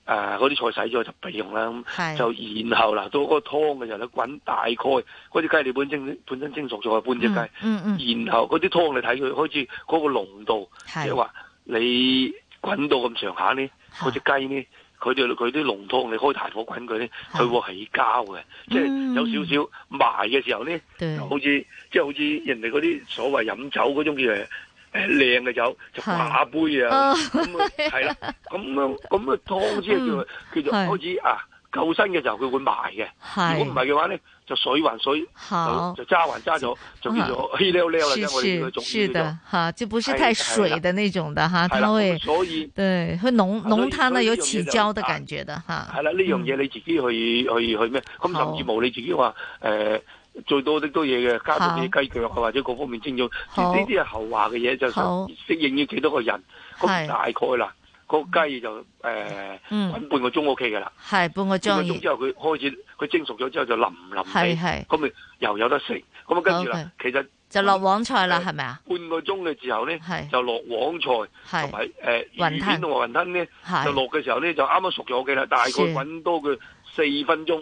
啊！嗰啲菜洗咗就備用啦，咁就是然後啦，到嗰個湯嘅時候咧，滾大概嗰隻雞你本身本身蒸熟咗半隻雞，隻雞，嗯嗯
嗯、然後
嗰啲湯你睇佢開始嗰個濃度，即係話你滾到咁上下呢，嗰隻雞呢，佢哋佢啲濃湯你開大火滾佢咧，佢是會起膠嘅，是即係有少少埋嘅時候咧，就好似即係好似人哋嗰啲所謂飲酒嗰種嘢。靚嘅酒就把杯啊，咁啊係啦，咁啊咁啊湯先叫叫做開始啊夠身嘅時候佢會埋嘅，如果唔係嘅話咧就水還水，就揸還揸咗就叫做稀溜溜啦。我哋嘅重點叫做
哈就不是太水的那種的哈，所以對佢濃濃湯呢有起膠的感覺的哈。
係啦，呢樣嘢你自己去去去咩？咁甚至乎你自己話誒。最多啲多嘢嘅，加多啲雞腳啊，或者各方面蒸煮，呢啲係後話嘅嘢，就適應於幾多個人，咁大概啦。個雞就誒滾半個鐘 O K 嘅啦，
係半個鐘。之
後佢開始佢蒸熟咗之後就腍腍地，咁咪又有得食。咁啊跟住啦，其實
就落旺菜啦，係咪啊？
半個鐘嘅時候咧，就落旺菜，同埋誒雲吞同雲吞咧，就落嘅時候咧就啱啱熟咗 OK 啦，大概滾多佢四分鐘。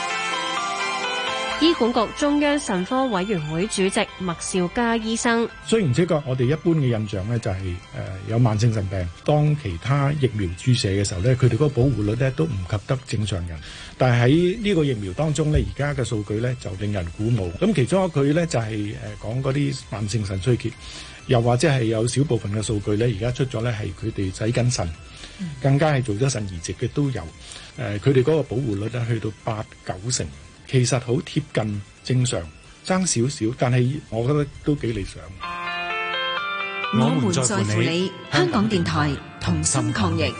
醫管局中央腎科委員會主席麥兆嘉醫生，
雖然
知覺我哋一般嘅印象咧就係、是、誒、呃、有慢性腎病，當其他疫苗注射嘅時候咧，佢哋嗰個保護率咧都唔及得正常人。但係喺呢個疫苗當中咧，而家嘅數據咧就令人鼓舞。咁其中一個佢咧就係誒講嗰啲慢性腎衰竭，又或者係有少部分嘅數據咧，而家出咗咧係佢哋洗緊腎，更加係做咗腎移植嘅都有。誒、呃，佢哋嗰個保護率咧去到八九成。其實好貼近正常，爭少少，但係我覺得都幾理想。我們在乎你，
香港電台同心抗疫。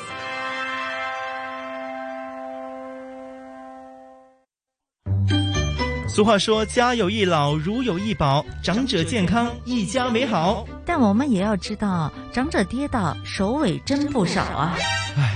俗話說：家有一老，如有一寶，長者健康，
一家美好。但我們也要知道，長者跌倒，手尾真不少啊！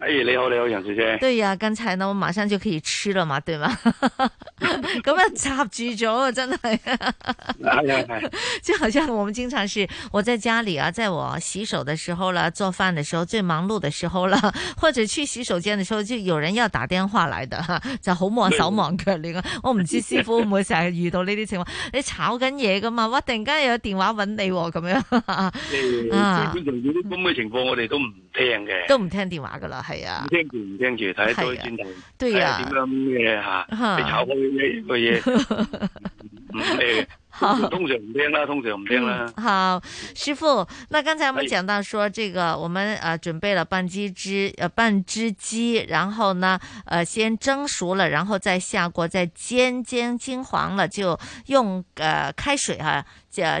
哎，hey, 你好，你好，楊小姐。對
呀、啊，剛才呢，我馬上就可以吃了嘛，對嗎？咁 [laughs] 樣插住咗，真係。
[laughs]
就好像我們經常是，我在家裏啊，在我洗手的時候啦，做飯的時候最忙碌的時候啦，或者去洗手間的時候，就有人要打電話來的，就好忙對手忙腳亂、啊。我唔知師傅會唔會成日遇到呢啲情況？ [laughs] 你炒緊嘢噶嘛，我突然間有電話搵你咁、啊、樣。即係、欸，基本上呢啲
咁嘅情況我們，我哋都唔。聽嘅都唔
聽電話噶啦，係啊，唔聽
住唔聽住，睇下對轉頭，對啊，點樣吓，你炒開呢個嘢，唔、嗯、咩，通常唔聽啦，通常唔聽啦
好、嗯。好，師傅，那剛才我們講到說，這個我們呃準備了半隻呃半隻雞，然後呢，呃先蒸熟了，然後再下鍋，再煎，煎金，金黃了就用，呃開水哈、啊，加。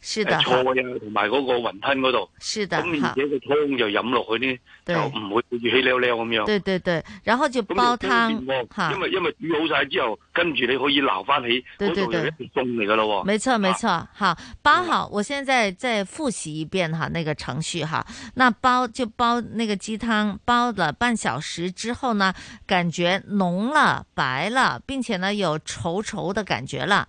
是錯呀，同埋嗰個雲吞嗰度。是的，咁而且個湯就飲落去呢，就唔會稀溜溜咁樣。對
對對，然後就煲湯，啊、因為
因為煮好晒之後，跟住你可以撈翻起，嗰度就一碟盅嚟噶咯。沒錯沒錯，
啊、好，包好，嗯、我現在再復習一遍哈、啊，那個程序哈、啊，那煲就煲那個雞湯，煲了半小時之後呢，感覺濃了白了，並且呢有稠稠的感覺了。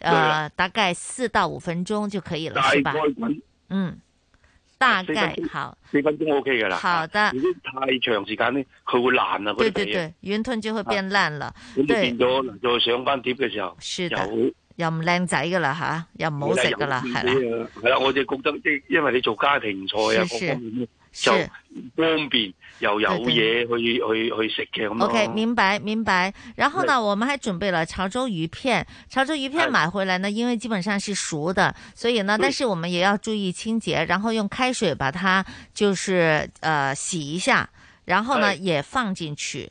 誒，大概四到五分鐘就可以了，係吧？
嗯，
大概好
四分鐘 OK 噶啦。好的，如果太長時間咧，佢會爛啊。對對對，
雲吞就會變爛啦。咁變
咗再上翻碟嘅時候，又
又唔靚仔噶啦吓，又唔好食噶啦係啦。
係啦，我就覺得即係因為你做家庭菜啊，就方便又有嘢可以去對對去，去，去食嘅，咁 OK 明
白明白，然後呢，是我們還準備了潮州魚片，潮州魚片買回來呢，是因為基本上是熟的，所以呢，但是我們也要注意清潔，是然後用開水把它就是呃洗一下，然後呢是也放進去。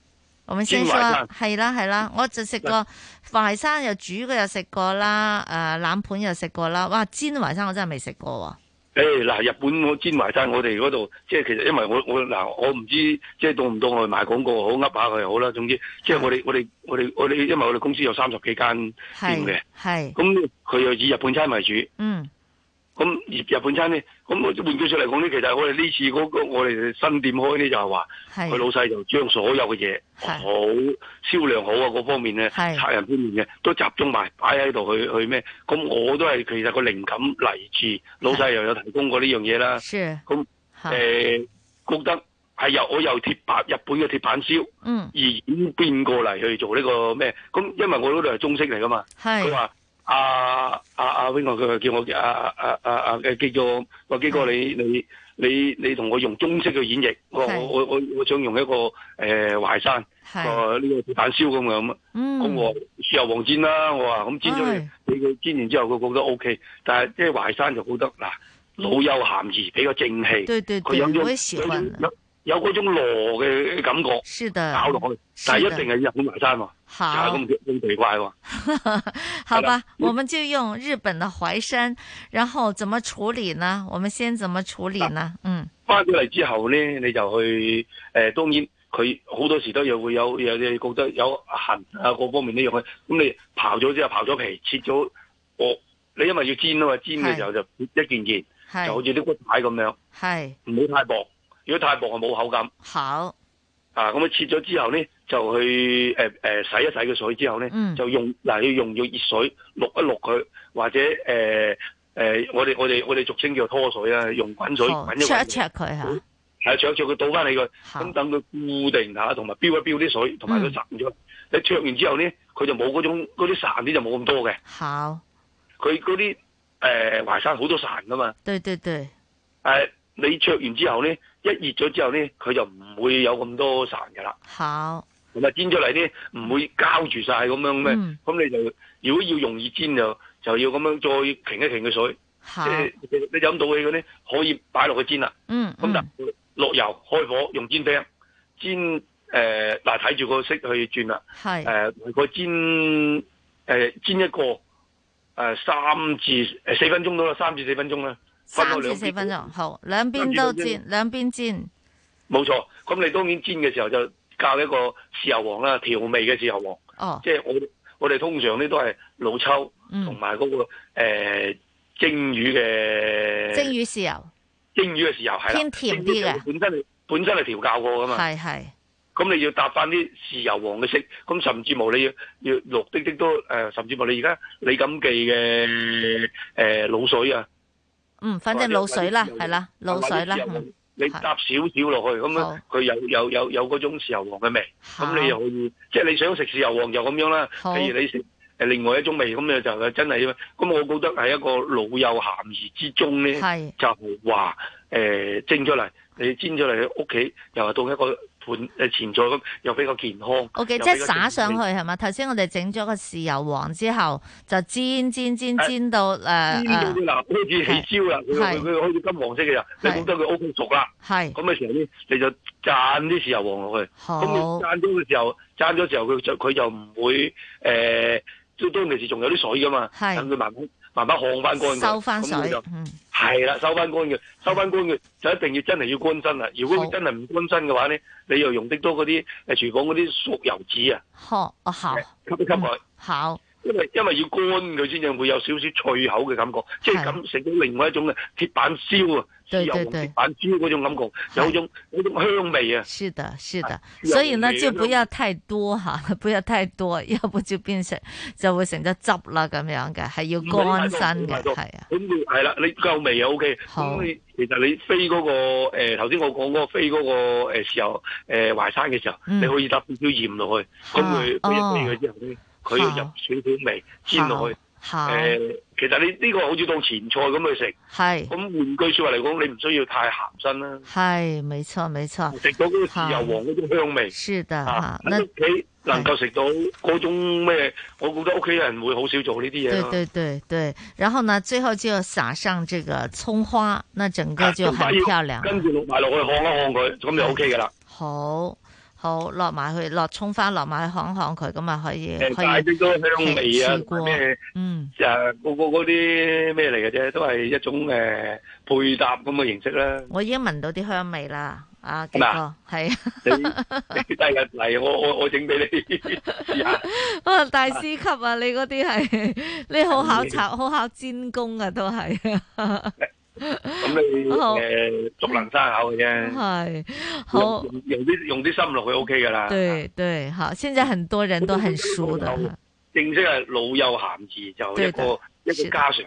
我咪先啦，係啦係啦，我就食過淮山又煮過、呃、又食過啦，誒冷盤又食過啦，哇煎淮山我真係未食過。誒
嗱、哎，日本我煎淮山，我哋嗰度即係其實，因為我我嗱，我唔知即係到唔到我賣廣告好，噏下佢又好啦。總之，即係我哋是我哋我哋我哋，因為我哋公司有三十幾間
店嘅，係，
咁佢又以日本餐為主。嗯。咁日日本餐咧，咁我換句出嚟講咧，其實我哋呢次嗰、嗰個、我哋新店開咧，是就係話，佢老細就將所有嘅嘢好是銷量好啊，各方面咧，客是人方面嘅都集中埋擺喺度去去咩？咁我都係其實個靈感嚟自是老細又有提供過呢樣嘢啦。咁誒覺得係由我由鐵板日本嘅鐵板燒，嗯，而已經變過嚟去做呢個咩？咁因為我嗰度係中式嚟噶嘛，佢話是。阿阿阿 wing 佢叫我阿阿阿阿嘅叫做基哥，你是你你你同我用中式嘅演繹是，我我我我想用一個誒、呃、淮山是、啊這個呢個鐵板燒咁樣咁，咁 [noise] 我豉油黃煎啦，我話咁煎咗，俾佢、哎、煎完之後佢覺得 OK，但係即係淮山就覺得嗱，老幼咸宜，比較正氣，佢有種，種有有種螺嘅感覺，是的 搞落去，但係一定係日本淮山嘛。
好咁奇怪喎，好吧，嗯、我們就用日本的淮山，然後怎麼處理呢？我們先怎麼處理呢？嗯，
翻咗嚟之後呢，你就去誒、呃，當然佢好多時都又會有有覺得有痕啊，各方面都樣嘅。咁你刨咗之後刨咗皮，切咗我，你因為要煎啊嘛，煎嘅時候就一件件，是就好似啲骨牌咁樣，係唔好太薄，如果太薄係冇口感。
好
啊，咁、嗯、啊切咗之後呢？就去誒誒、呃、洗一洗個水之後咧，嗯、就用嗱要、呃、用要熱水燙一燙佢，或者誒誒、呃呃、我哋我哋我哋俗稱叫做拖水啊，用滾水滾一滾佢，
灼、哦、一灼佢
嚇，係灼、嗯、一灼佢、啊啊、倒翻你個咁等佢固定下，同埋飆一飆啲水，同埋佢散咗。嗯、你灼完之後咧，佢就冇嗰種嗰啲散啲就冇咁多嘅。好，佢嗰啲誒淮山好多散噶嘛？對對對，誒、呃、你灼完之後咧，一熱咗之後咧，佢就唔會有咁多散嘅啦。
好。
同埋煎出嚟啲唔會膠住晒咁樣咩、嗯？咁你就如果要容易煎就就要咁樣再停一停嘅水。吓、嗯呃，你飲到嘅嗰啲可以擺落去煎啦、嗯。
嗯，咁就
落油開火，用煎餅煎。誒、呃，嗱，睇住個色去轉啦。係是。誒、呃，個煎誒、呃、煎一個誒、呃、三至誒、呃、四分鐘到啦，三至四分鐘啦。三至四
分鐘。好，兩邊都煎，兩邊煎。
冇錯，咁你當然煎嘅時候就。調一個豉油王啦，調味嘅豉油王，哦、即係我我哋通常咧都係老抽、那個，同埋嗰個誒蒸魚嘅蒸魚豉油，蒸魚嘅豉油係偏甜啲嘅，本身係本身係調教過噶嘛。係係是。咁、嗯、你要搭翻啲豉油王嘅色，咁甚至乎你要要落啲啲都誒，甚至乎你而家李錦記嘅誒滷水啊，嗯，
反正滷水啦，係啦，滷水啦，
你搭少少落去，咁樣佢是有有有有嗰種豉油皇嘅味，咁是你又可以，即、就、係、是、你想食豉油皇就咁樣啦。好譬如你食誒另外一種味，咁你就真係。咁我覺得係一個老幼咸宜之中咧，是就話誒、欸、蒸出嚟，你煎出嚟，屋企又係到一個。伴前菜咁又比較健康。O Okay , K，即係撒上
去係嘛？頭先我哋整咗個豉油黃之後，就煎煎煎煎到誒。煎到嗱，開始起
焦啦，佢佢佢金黃色嘅啦，即係咁多佢 OK 熟啦。係咁嘅時候咧，你就讚啲豉油黃落去。好，咁讚咗嘅時候，讚咗嘅時候佢就佢就唔會即都，呃、當其時仲有啲水㗎嘛。係等佢慢慢慢烘翻乾，收翻水就係啦，收翻乾嘅，嗯、收翻乾嘅就一定要真係要乾身啦。如果真好你真係唔乾身嘅話咧，你又用得多嗰啲誒廚房嗰啲熟油脂啊，
呵，我烤，吸一吸佢，烤。
因為因為要乾佢先至會有少少脆口嘅感覺，即係咁食到另外一種嘅鐵板燒啊，
豉油鐵
板燒嗰種感覺，有種
有種香味啊。是的，是的，所以呢就不要太多吓，不要太多，要不就變成就會成咗汁啦咁樣嘅，係要乾身嘅係
啊。咁你係啦，你夠味啊 OK。咁你其實你飛嗰個誒頭先我講嗰個飛嗰個誒時候誒淮山嘅時候，你可以搭少少鹽落去，咁佢佢一飛咗之後咧。佢要入少少味煎落去，誒、呃，其實你呢個好似當前菜咁去食，
咁換
是句話說話嚟講，你唔需要太鹹身啦。
係，沒錯，沒錯。食
到嗰個豉油黃嗰種香味。
是的。喺屋
企能夠食到嗰種咩，的我覺得屋企人會好少做呢啲嘢。對對對
對，然後呢，最後就撒上這個蔥花，那整個就很漂亮。跟
住落埋落去烘一烘佢，咁就 OK 噶啦。
好。好落埋去，落蔥花，落埋去烘烘佢，咁啊可以，可以。大啲啲香味啊，咩？嗯。
就個個嗰啲咩嚟嘅啫，都係一種誒、呃、配搭咁嘅形式啦。
我已經聞到啲香味啦，啊，傑哥，係嗎是。你
第日嚟我我我整俾你試
下。 [laughs] 大師級啊！你嗰啲係，你好考炒，的好考煎功啊，都係。 [laughs]
咁 [laughs] 你誒，竹林山口嘅啫，
係、呃、用
用啲用啲心落去 O K 噶啦。對
對，好，現在很多人都很熟的。
正式係老幼咸宜，就一個一個家常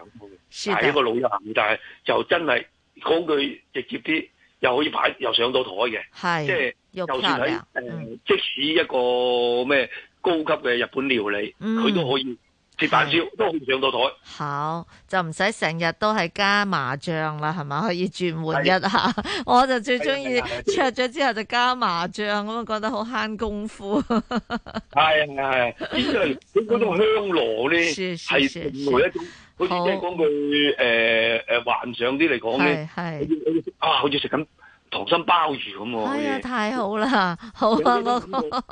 菜，係一個老幼咸宜，的但係就真係講句直接啲，又可以擺又上到台嘅，係即係，
就，就算喺、
呃、即使一個咩高級嘅日本料理，佢都、嗯、可以。食辣椒都上到台，
好就唔使成日都係加麻醬啦，係咪？可以轉換一下，是我就最中意切咗之後就加麻醬，咁覺得好慳功夫。
係係係， [laughs] 那個、呢樣佢嗰種香螺咧，係另外一種，好似聽講佢誒誒幻想啲嚟講咧，啊，好似食緊。重新包住咁喎。哎呀，太
好啦，好啊，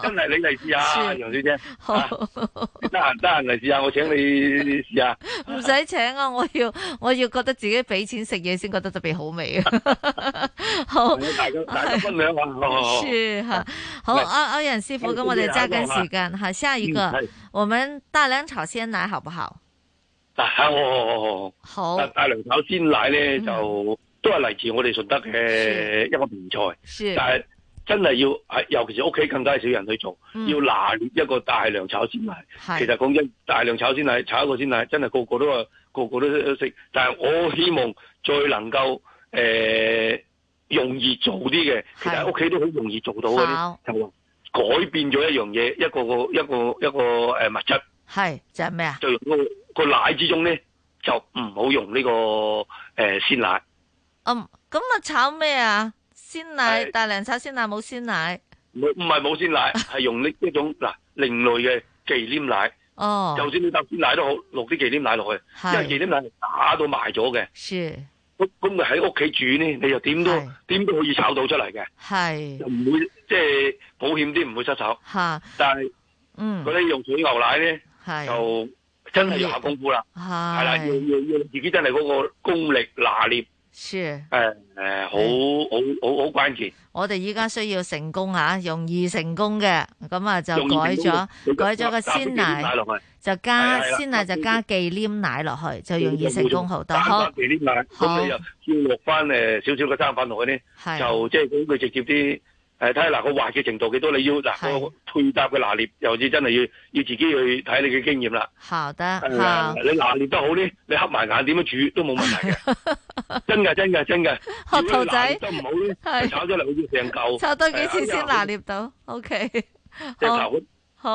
真係你
嚟試下，楊小姐，得閒得閒嚟試下，我
請你試下。唔使請啊，我要我要覺得自己俾錢食嘢，先覺得特別好味啊。好，大家
大家分享啊，好是
好，歐歐陽師傅，咁我哋揸緊時間，好，下一個，我們大良炒鮮奶好不好？
好。大良炒鮮奶咧就。都係嚟自我哋順德嘅一個名菜，是是但係真係要係，尤其是屋企更加少人去做，嗯、要拿捏一個大良炒鮮奶。是其實講真，大良炒鮮奶，炒一個鮮奶，真係個個都話，個個都都食。但係我希望再能夠誒、呃、容易做啲嘅，是其實喺屋企都好容易做到嗰啲，好就改變咗一樣嘢，一個個一個一個誒物質
係，即係咩啊？
就，是、就用嗰個奶之中咧，就唔好用呢、呢個誒鮮、呃、奶。
嗯，咁啊炒咩啊？鮮奶，大良炒鮮奶冇鮮奶，
唔係冇鮮奶，係用呢呢種嗱，另類嘅忌廉奶。哦，就算你搭鮮奶都好，落啲忌廉奶落去，因為忌廉奶打到埋咗嘅。是咁咪喺屋企煮呢？你又點都點都可以炒到出嚟嘅。
係又
唔會，即係保險啲，唔會失手。
吓，但係嗯，啲
用水牛奶咧，就真係要下功夫啦。係啦，要要要自己真係嗰個功力拿捏。Sure. uh, uh, 是，誒誒，好好好好關鍵。
我哋依家需要成功吓、啊，容易成功嘅，咁啊就改咗，改咗個鮮奶，就加鮮奶就加忌廉奶落去，就容易成功好多。好，
咁你又要落翻誒少少個生粉落去咧，就即係咁佢直接啲。係睇下嗱個滑嘅程度幾多，你要嗱個配搭嘅拿捏，又至真係要要自己去睇你嘅經驗啦。
好得你
拿捏得好呢，你瞌埋眼點樣煮都冇問題嘅。真㗎，真㗎，真㗎。學徒仔都唔好炒出嚟好似成嚿，炒多幾次先拿
捏到。O K。即係炒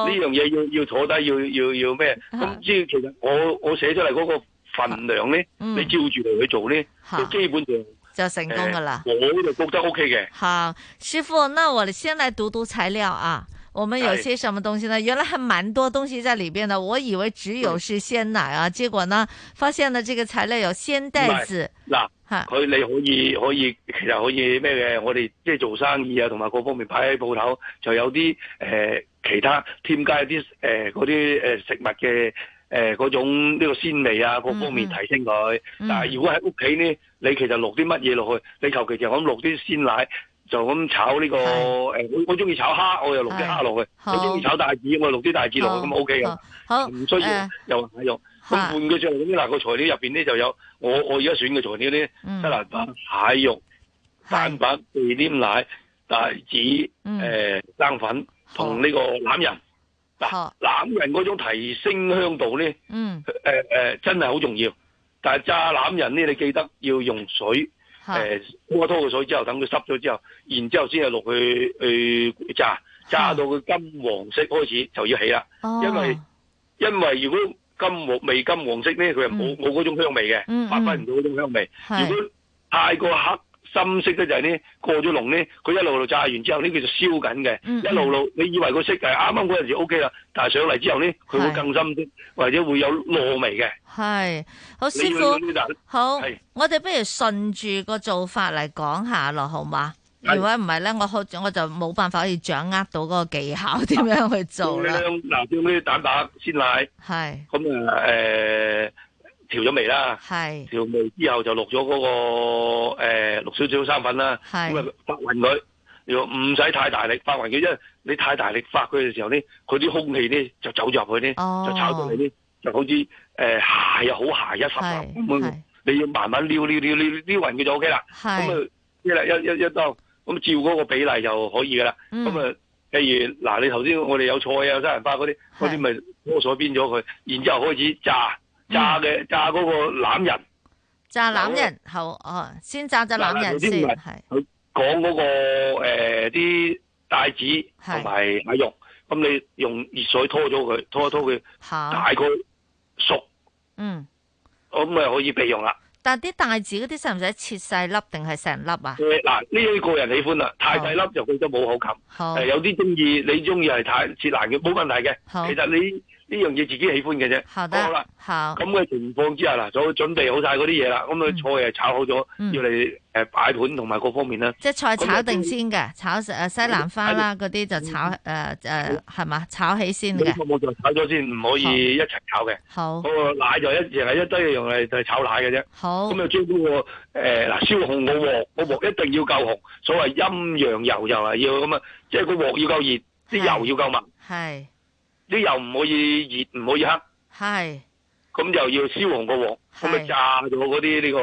呢
樣嘢要要坐低要要要咩？咁即係其實我我寫出嚟嗰個份量咧，你照住嚟去做咧，基本上。
就成功㗎喇。欸，
我我呢度做得 OK 嘅。
好，師傅，那我先來讀讀材料啊。我們有些什麼東西呢？是原來係蠻多東西在裏邊的。我以為只有是鮮奶啊，是結果呢，發現呢，這個材料有鮮袋子
嗱，吓佢好你可以可以其實可以咩嘅？我哋即係做生意啊，同埋各方面擺喺鋪頭，就有啲誒、呃、其他添加一啲誒嗰啲誒食物嘅。誒，嗰種呢個鮮味啊，各方面提升佢。但係如果喺屋企咧，你其實落啲乜嘢落去，你求其就咁落啲鮮奶，就咁炒呢個誒，我我中意炒蝦，我又落啲蝦落去；我中意炒帶子，我落啲帶子落去，咁 ok 噶。好，唔需要又蟹肉。咁換句話嗱，個材料入邊咧就有我我而家選嘅材料咧，
西蘭
蟹肉、蛋白、忌廉奶、帶子、誒生粉同呢個欖仁。嗱，欖仁嗰種提升香度咧，嗯，誒誒、呃呃，真係好重要。但係炸欖仁咧，你記得要用水，誒、呃，拖一拖個水之後，等佢濕咗之後，然之後先係落去去炸，炸到佢金黃色開始就要起啦。哦、因為因為如果金黃未金黃色咧，佢係冇冇嗰種香味嘅，嗯嗯、發揮唔到嗰種香味。是如果太過黑。深色咧就係咧過咗籠咧，佢一路路炸完之後咧，佢就燒緊嘅，一路路，你以為個色係啱啱嗰陣時 OK 啦，但係上嚟之後咧，佢會更深啲，或者會有糯味嘅。
係，好師傅，好，我哋不如順住個做法嚟講下咯，好嘛？如果唔係咧，我我我就冇辦法可以掌握到嗰個技巧，點樣去做啦？
嗱，叫咩蛋白鮮奶？係。咁啊？誒。調咗味啦，調味是之後就落咗嗰個誒，落少少生粉啦，咁啊發匀佢，要唔使太大力發匀佢，因為你太大力發佢嘅時候咧，佢啲空氣咧就走入去咧，就，呢、哦、就炒到你咧，就好似誒蟹啊好蟹一實咁，你要慢慢撩撩撩撩撩匀佢就 OK 啦，咁啊是一一一一咁照嗰個比例就可以噶啦，咁啊、嗯、譬如嗱你頭先我哋有菜啊，有金銀花嗰啲，嗰啲咪多咗邊咗佢，然之後開始炸。炸嘅炸嗰個欖仁，
炸欖仁好哦，先炸炸欖仁先。係佢
講嗰個誒啲帶子同埋米肉，咁你用熱水拖咗佢，拖一拖佢，大概熟。嗯，咁咪可以備用啦。
但係啲帶子嗰啲使唔使切細粒定係成粒啊？
嗱，呢個人喜歡啦，太細粒就覺得冇口感。有啲中意，你中意係太切爛嘅，冇問題嘅。其實你。呢樣嘢自己喜歡嘅啫，好啦，好。咁嘅情況之下啦，就準備好晒嗰啲嘢啦，咁個菜啊炒好咗，要嚟，誒擺盤同埋各方面啦。即係菜炒定先
嘅，炒誒西蘭花啦，嗰啲就炒誒誒係嘛炒起先嘅。咁我就
炒咗先，唔可以一齊炒嘅。好，個奶就一淨係一堆用嚟就炒奶嘅啫。好，咁就將嗰個誒嗱燒紅個鑊，個鑊一定要夠紅。所謂陰陽油就係要咁啊，即係個鑊要夠熱，啲油要夠密。係。啲油唔可以熱，唔可以黑，係咁就要燒黃,黃是、呢個鑊，咁咪炸咗嗰啲呢個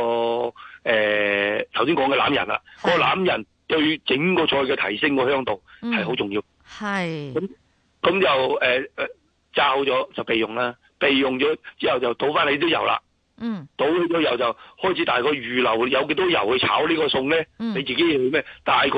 誒頭先講嘅欖仁啦。個欖仁對整個菜嘅提升個香度係好重要。係咁咁就誒誒、呃、炸好咗就備用啦，備用咗之後就倒翻你啲油啦。嗯，倒咗油就開始，大概預留有幾多油去炒個呢個餸咧？嗯、你自己去咩？大概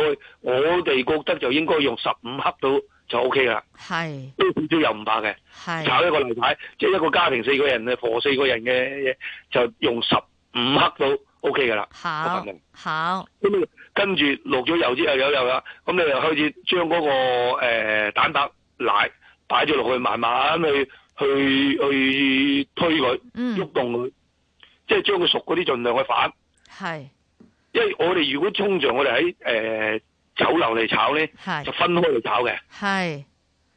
我哋覺得就應該用十五克度。就 O K 啦，係是都少少油唔怕嘅。是炒一個例牌，即、就、係、是、一個家庭四個人嘅，婆四個人嘅就用十五克都 O K 噶啦。
好，好，咁
跟住落咗油之後有有啦，咁你又開始將嗰個誒、呃、蛋白奶擺咗落去，慢慢去去去推佢，喐、嗯、動佢，即係將佢熟嗰啲盡量去反，
係是，
因為我哋如果衝撞我哋喺誒。呃酒樓嚟炒咧，係，就分開嚟炒嘅。係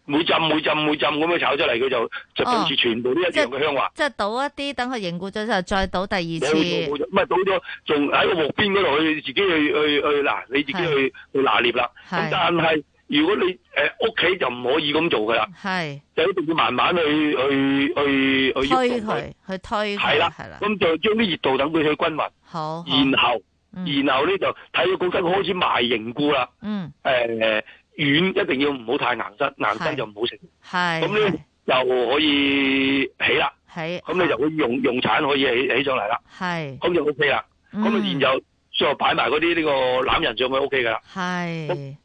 每浸每浸每浸咁樣炒出嚟，佢就就好似全部都一樣嘅香滑。即係
倒一啲，等佢凝固咗之後，再倒第二次。
唔係倒咗，仲喺個鑊邊嗰度去自己去去去嗱，你自己去去拿捏啦。但係如果你誒屋企就唔可以咁做噶啦。係就一定要慢慢去去去去推佢，
去推。係啦，係
啦。咁就將啲熱度等佢去均匀。
好，然
後。然後咧就睇到個骨質，開始埋凝固啦。嗯，誒，軟一定要唔好太硬質，硬質就唔好食。
係咁
咧就可以起啦。
係咁你就
可以用用鏟可以起起上嚟啦。
係咁就 O K 啦。咁然
後即係擺埋嗰啲呢個欖仁咁咪 O K 噶啦。
係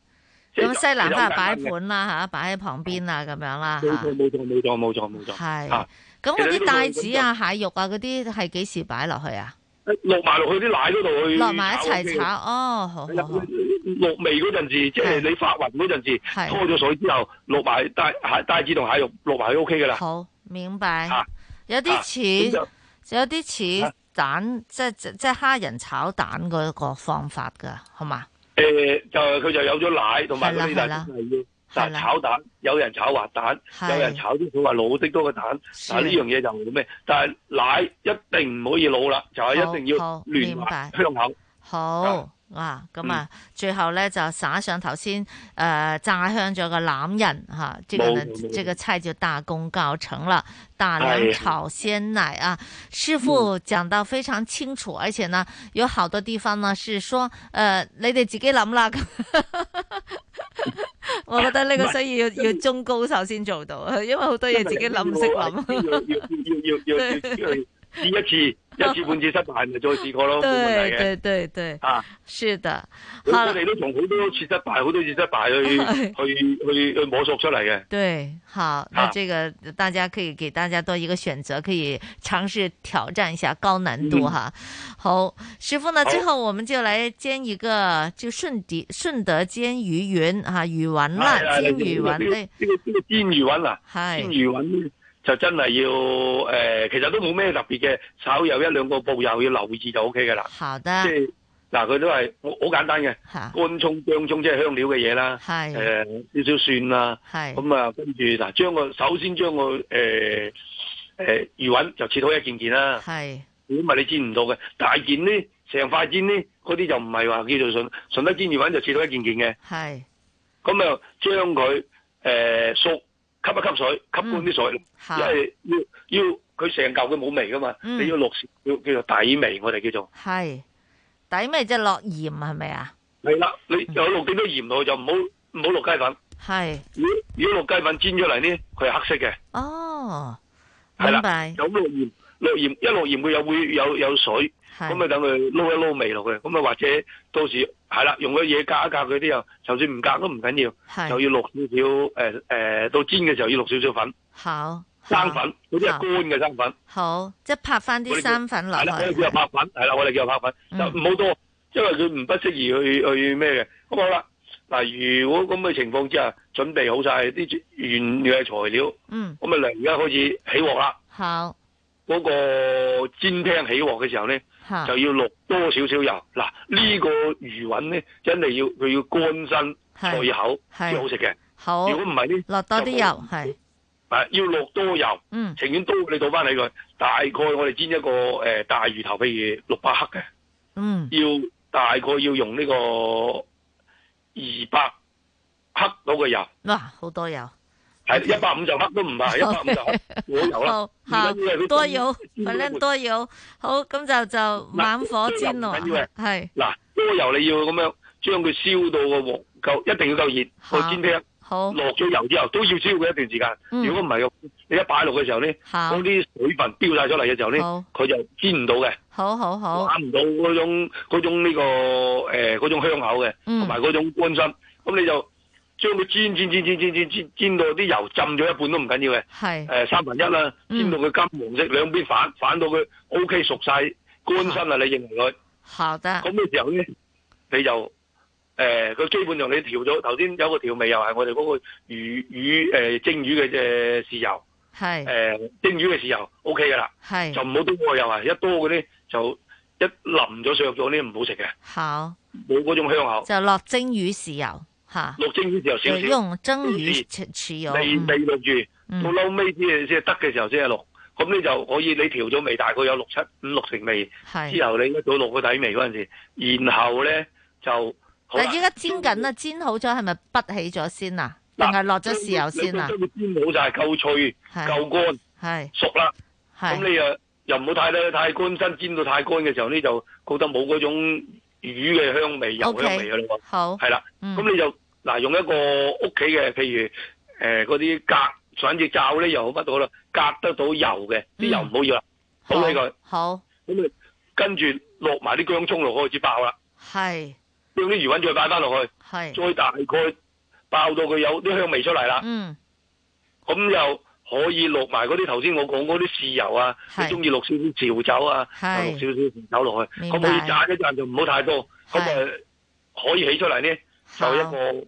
咁西蘭花擺盤啦吓，擺喺旁邊啦咁樣啦。冇錯
冇錯冇錯冇錯冇錯。係咁嗰啲帶子
啊、蟹肉啊嗰啲係幾時擺落去啊？
落埋、OK、落去啲奶嗰度去落埋一齊炒
哦，好好好，
落味嗰陣時，是即係你發勻嗰陣時，的拖咗水之後，落埋帶蟹、帶子同蟹肉，落埋去 O K 噶啦。好，
明白。有啲似，啊啊、有啲似蛋，即係即係蝦仁炒蛋嗰個方法噶，好嘛？
誒、欸，就佢就有咗奶，同埋嗰啲係但係炒蛋，有人炒滑蛋，有人炒啲佢話老得多嘅蛋，但係呢樣嘢就咩？但係奶一定唔可以老啦，好就係一定要嫩滑香口。
好。啊咁啊，最後咧、嗯、就撒上頭先誒炸香咗個欖仁吓，即、這個呢個菜就大功告成啦，大良炒鮮奶啊，哎、師傅講到非常清楚，而且呢有好多地方呢是說，誒、呃、你哋自己諗啦，我覺得呢個需要、啊、要，要中高手先做到，啊、因為好多嘢自己諗唔識諗。
試一次，一次半次失敗咪再試過咯 [laughs] 對，冇問題嘅，對
對對對啊，是的，好，我哋
都從好多次失敗，好多次失敗去是去去去摸索出嚟嘅。
對，好，啊、那這個大家可以給大家多一個選擇，可以嘗試挑戰一下高難度哈、嗯啊。好，師傅呢最後我們就來煎一個就順德順德煎魚雲哈、啊，魚丸啦，的煎魚丸呢？這個
這個這個，煎魚丸啊，係的煎魚丸。就真係要誒，其實都冇咩特別嘅，稍有一兩個步驟要留意就 OK 嘅啦。好的，即係嗱，佢都係好好簡單嘅，乾葱、薑葱即係香料嘅嘢啦。係誒，少少蒜啦。係咁啊，跟住嗱，將個首先將個誒誒魚雲就切到一件件啦。係如果唔係你煎唔到嘅，大件呢，成塊煎呢，嗰啲就唔係話叫做順順得煎魚雲就切到一件件嘅。係咁啊，將佢誒縮。吸一吸水，吸乾啲水，因為要要佢成嚿佢冇味噶嘛，你要落鹽，叫叫做底味，我哋叫做
係底味，即係落鹽，係咪啊？
係啦，你要落幾多鹽落去，就唔好唔好落雞粉。係，如果落雞粉煎出嚟呢，佢係黑色嘅。
哦，
明白。咁
落鹽落鹽，一落鹽佢又會有有水。咁咪等佢撈一撈味落去，咁咪或者到時係啦，用個嘢夾一夾佢啲又，就算唔夾都唔緊要，就要落少少誒誒，到煎嘅時候要落少少粉。
好
生粉，嗰啲係乾嘅生粉。好，
即係拍翻啲生粉落去。係啦，我哋
叫拍粉，係啦，我哋叫拍粉，就唔好多，因為佢唔不適宜去去咩嘅。咁好啦，嗱，如果咁嘅情況之下，準備好晒啲原料嘅材料，嗯，咁咪嚟而家開始起鑊啦。好，嗰個煎廳起鑊嘅時候咧。 [music] 就要落多少少油，嗱、啊、呢、這個魚韻咧真係要佢要乾身脆口最好食嘅。
好，如果唔係咧，落多啲油係，
啊不是要落多油，嗯，情願多你倒翻嚟佢，大概我哋煎一個誒、呃、大魚頭，譬如六百克嘅，嗯，要大概要用呢個二百克度嘅油，
哇好多油。
係一百五就黑都唔怕，一百五就
火油啦。多油，唔多油，好，咁就就猛火煎咯。係
嗱，多油你要咁樣將佢燒到個鑊夠，一定要夠熱去煎聽。好，落咗油之後都要燒佢一段時間。如果唔係個你一擺落嘅時候咧，嗰啲水分飆晒出嚟嘅時候咧，佢就煎唔到嘅。
好好好，搵
唔到嗰種種呢個誒嗰種香口嘅，同埋嗰種乾身。咁你就。將佢煎煎煎煎煎煎煎到啲油浸咗一半都唔緊要嘅，係誒是、呃、三分一啦，嗯、煎到佢金黃色，兩邊反反到佢 OK 熟晒乾身啦，你認為佢
好的？咁
嘅時候咧，你就，誒、呃，佢基本上你調咗頭先有個調味，又係我哋嗰個魚魚誒、呃、蒸魚嘅誒豉油，係誒是、呃、蒸魚嘅豉油 OK 噶啦，係是就唔好多過油啊，一多嗰啲就一淋咗上咗咧唔好食嘅，好冇嗰種香口，就
落蒸魚豉油。
六蒸魚就
少少，唔知
未未落住，到撈尾先先得嘅時候先係落，咁你就可以你調咗味，大概有六七五六成味，之後你一早落個底味嗰陣時，然後咧就
嗱，依家煎緊啦，煎好咗係咪滗起咗先啊？嗱，定係落咗豉油先啊？你煎好
晒，係夠脆、夠乾、
熟啦。咁你又
又唔好太咧太乾身，煎到太乾嘅時候咧就覺得冇嗰種魚嘅香味、油香味啊咯。好係啦，咁你就。嗱，用一個屋企嘅，譬如誒嗰啲隔，反正罩咧又好乜到啦，隔得到油嘅，啲油唔好要啦，好起佢好，咁啊跟住落埋啲姜葱落去，開始爆啦，係，用啲魚揾再擺翻落去，係，再大概爆到佢有啲香味出嚟啦，
嗯，
咁又可以落埋嗰啲頭先我講嗰啲豉油啊，你中意落少少潮酒啊，落少少潮酒落去，咁可以炸一陣就唔好太多，咁啊可以起出嚟呢，就一個。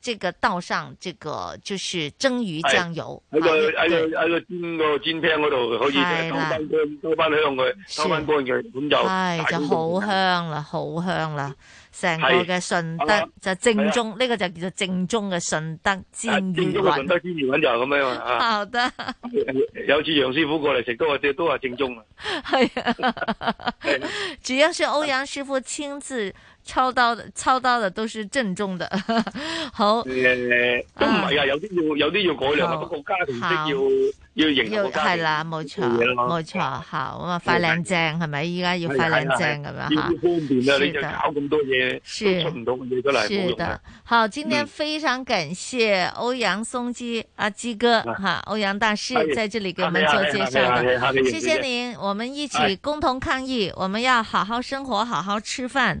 這個倒上這個就是蒸魚醬油喺、
啊、個喺個個煎個煎餅嗰度可以再收翻香佢收翻乾嘅豉油係就好
香啦好香啦成個嘅順德就正宗呢個就叫做正宗嘅順德煎魚正宗嘅順德
煎魚粉就係咁樣啊得有次楊師傅過嚟食都話都話正宗啊係啊，
主要是歐陽師傅親自。操刀的，操刀的都是正宗的。好，
呃，都唔係啊，有啲要，有啲要改良嘅，不過家庭的要要型好，
係啦，冇錯，冇錯，好啊，快靚正係咪？依家要快靚正咁樣吓，要方
便啊，你就搞咁多嘢，出唔多問題都嚟，是的，
好，今天非常感謝歐陽松基阿基哥哈，歐陽大師在這裡給我們做介紹的，謝謝您，我們一起共同抗疫，我們要好好生活，好好吃飯。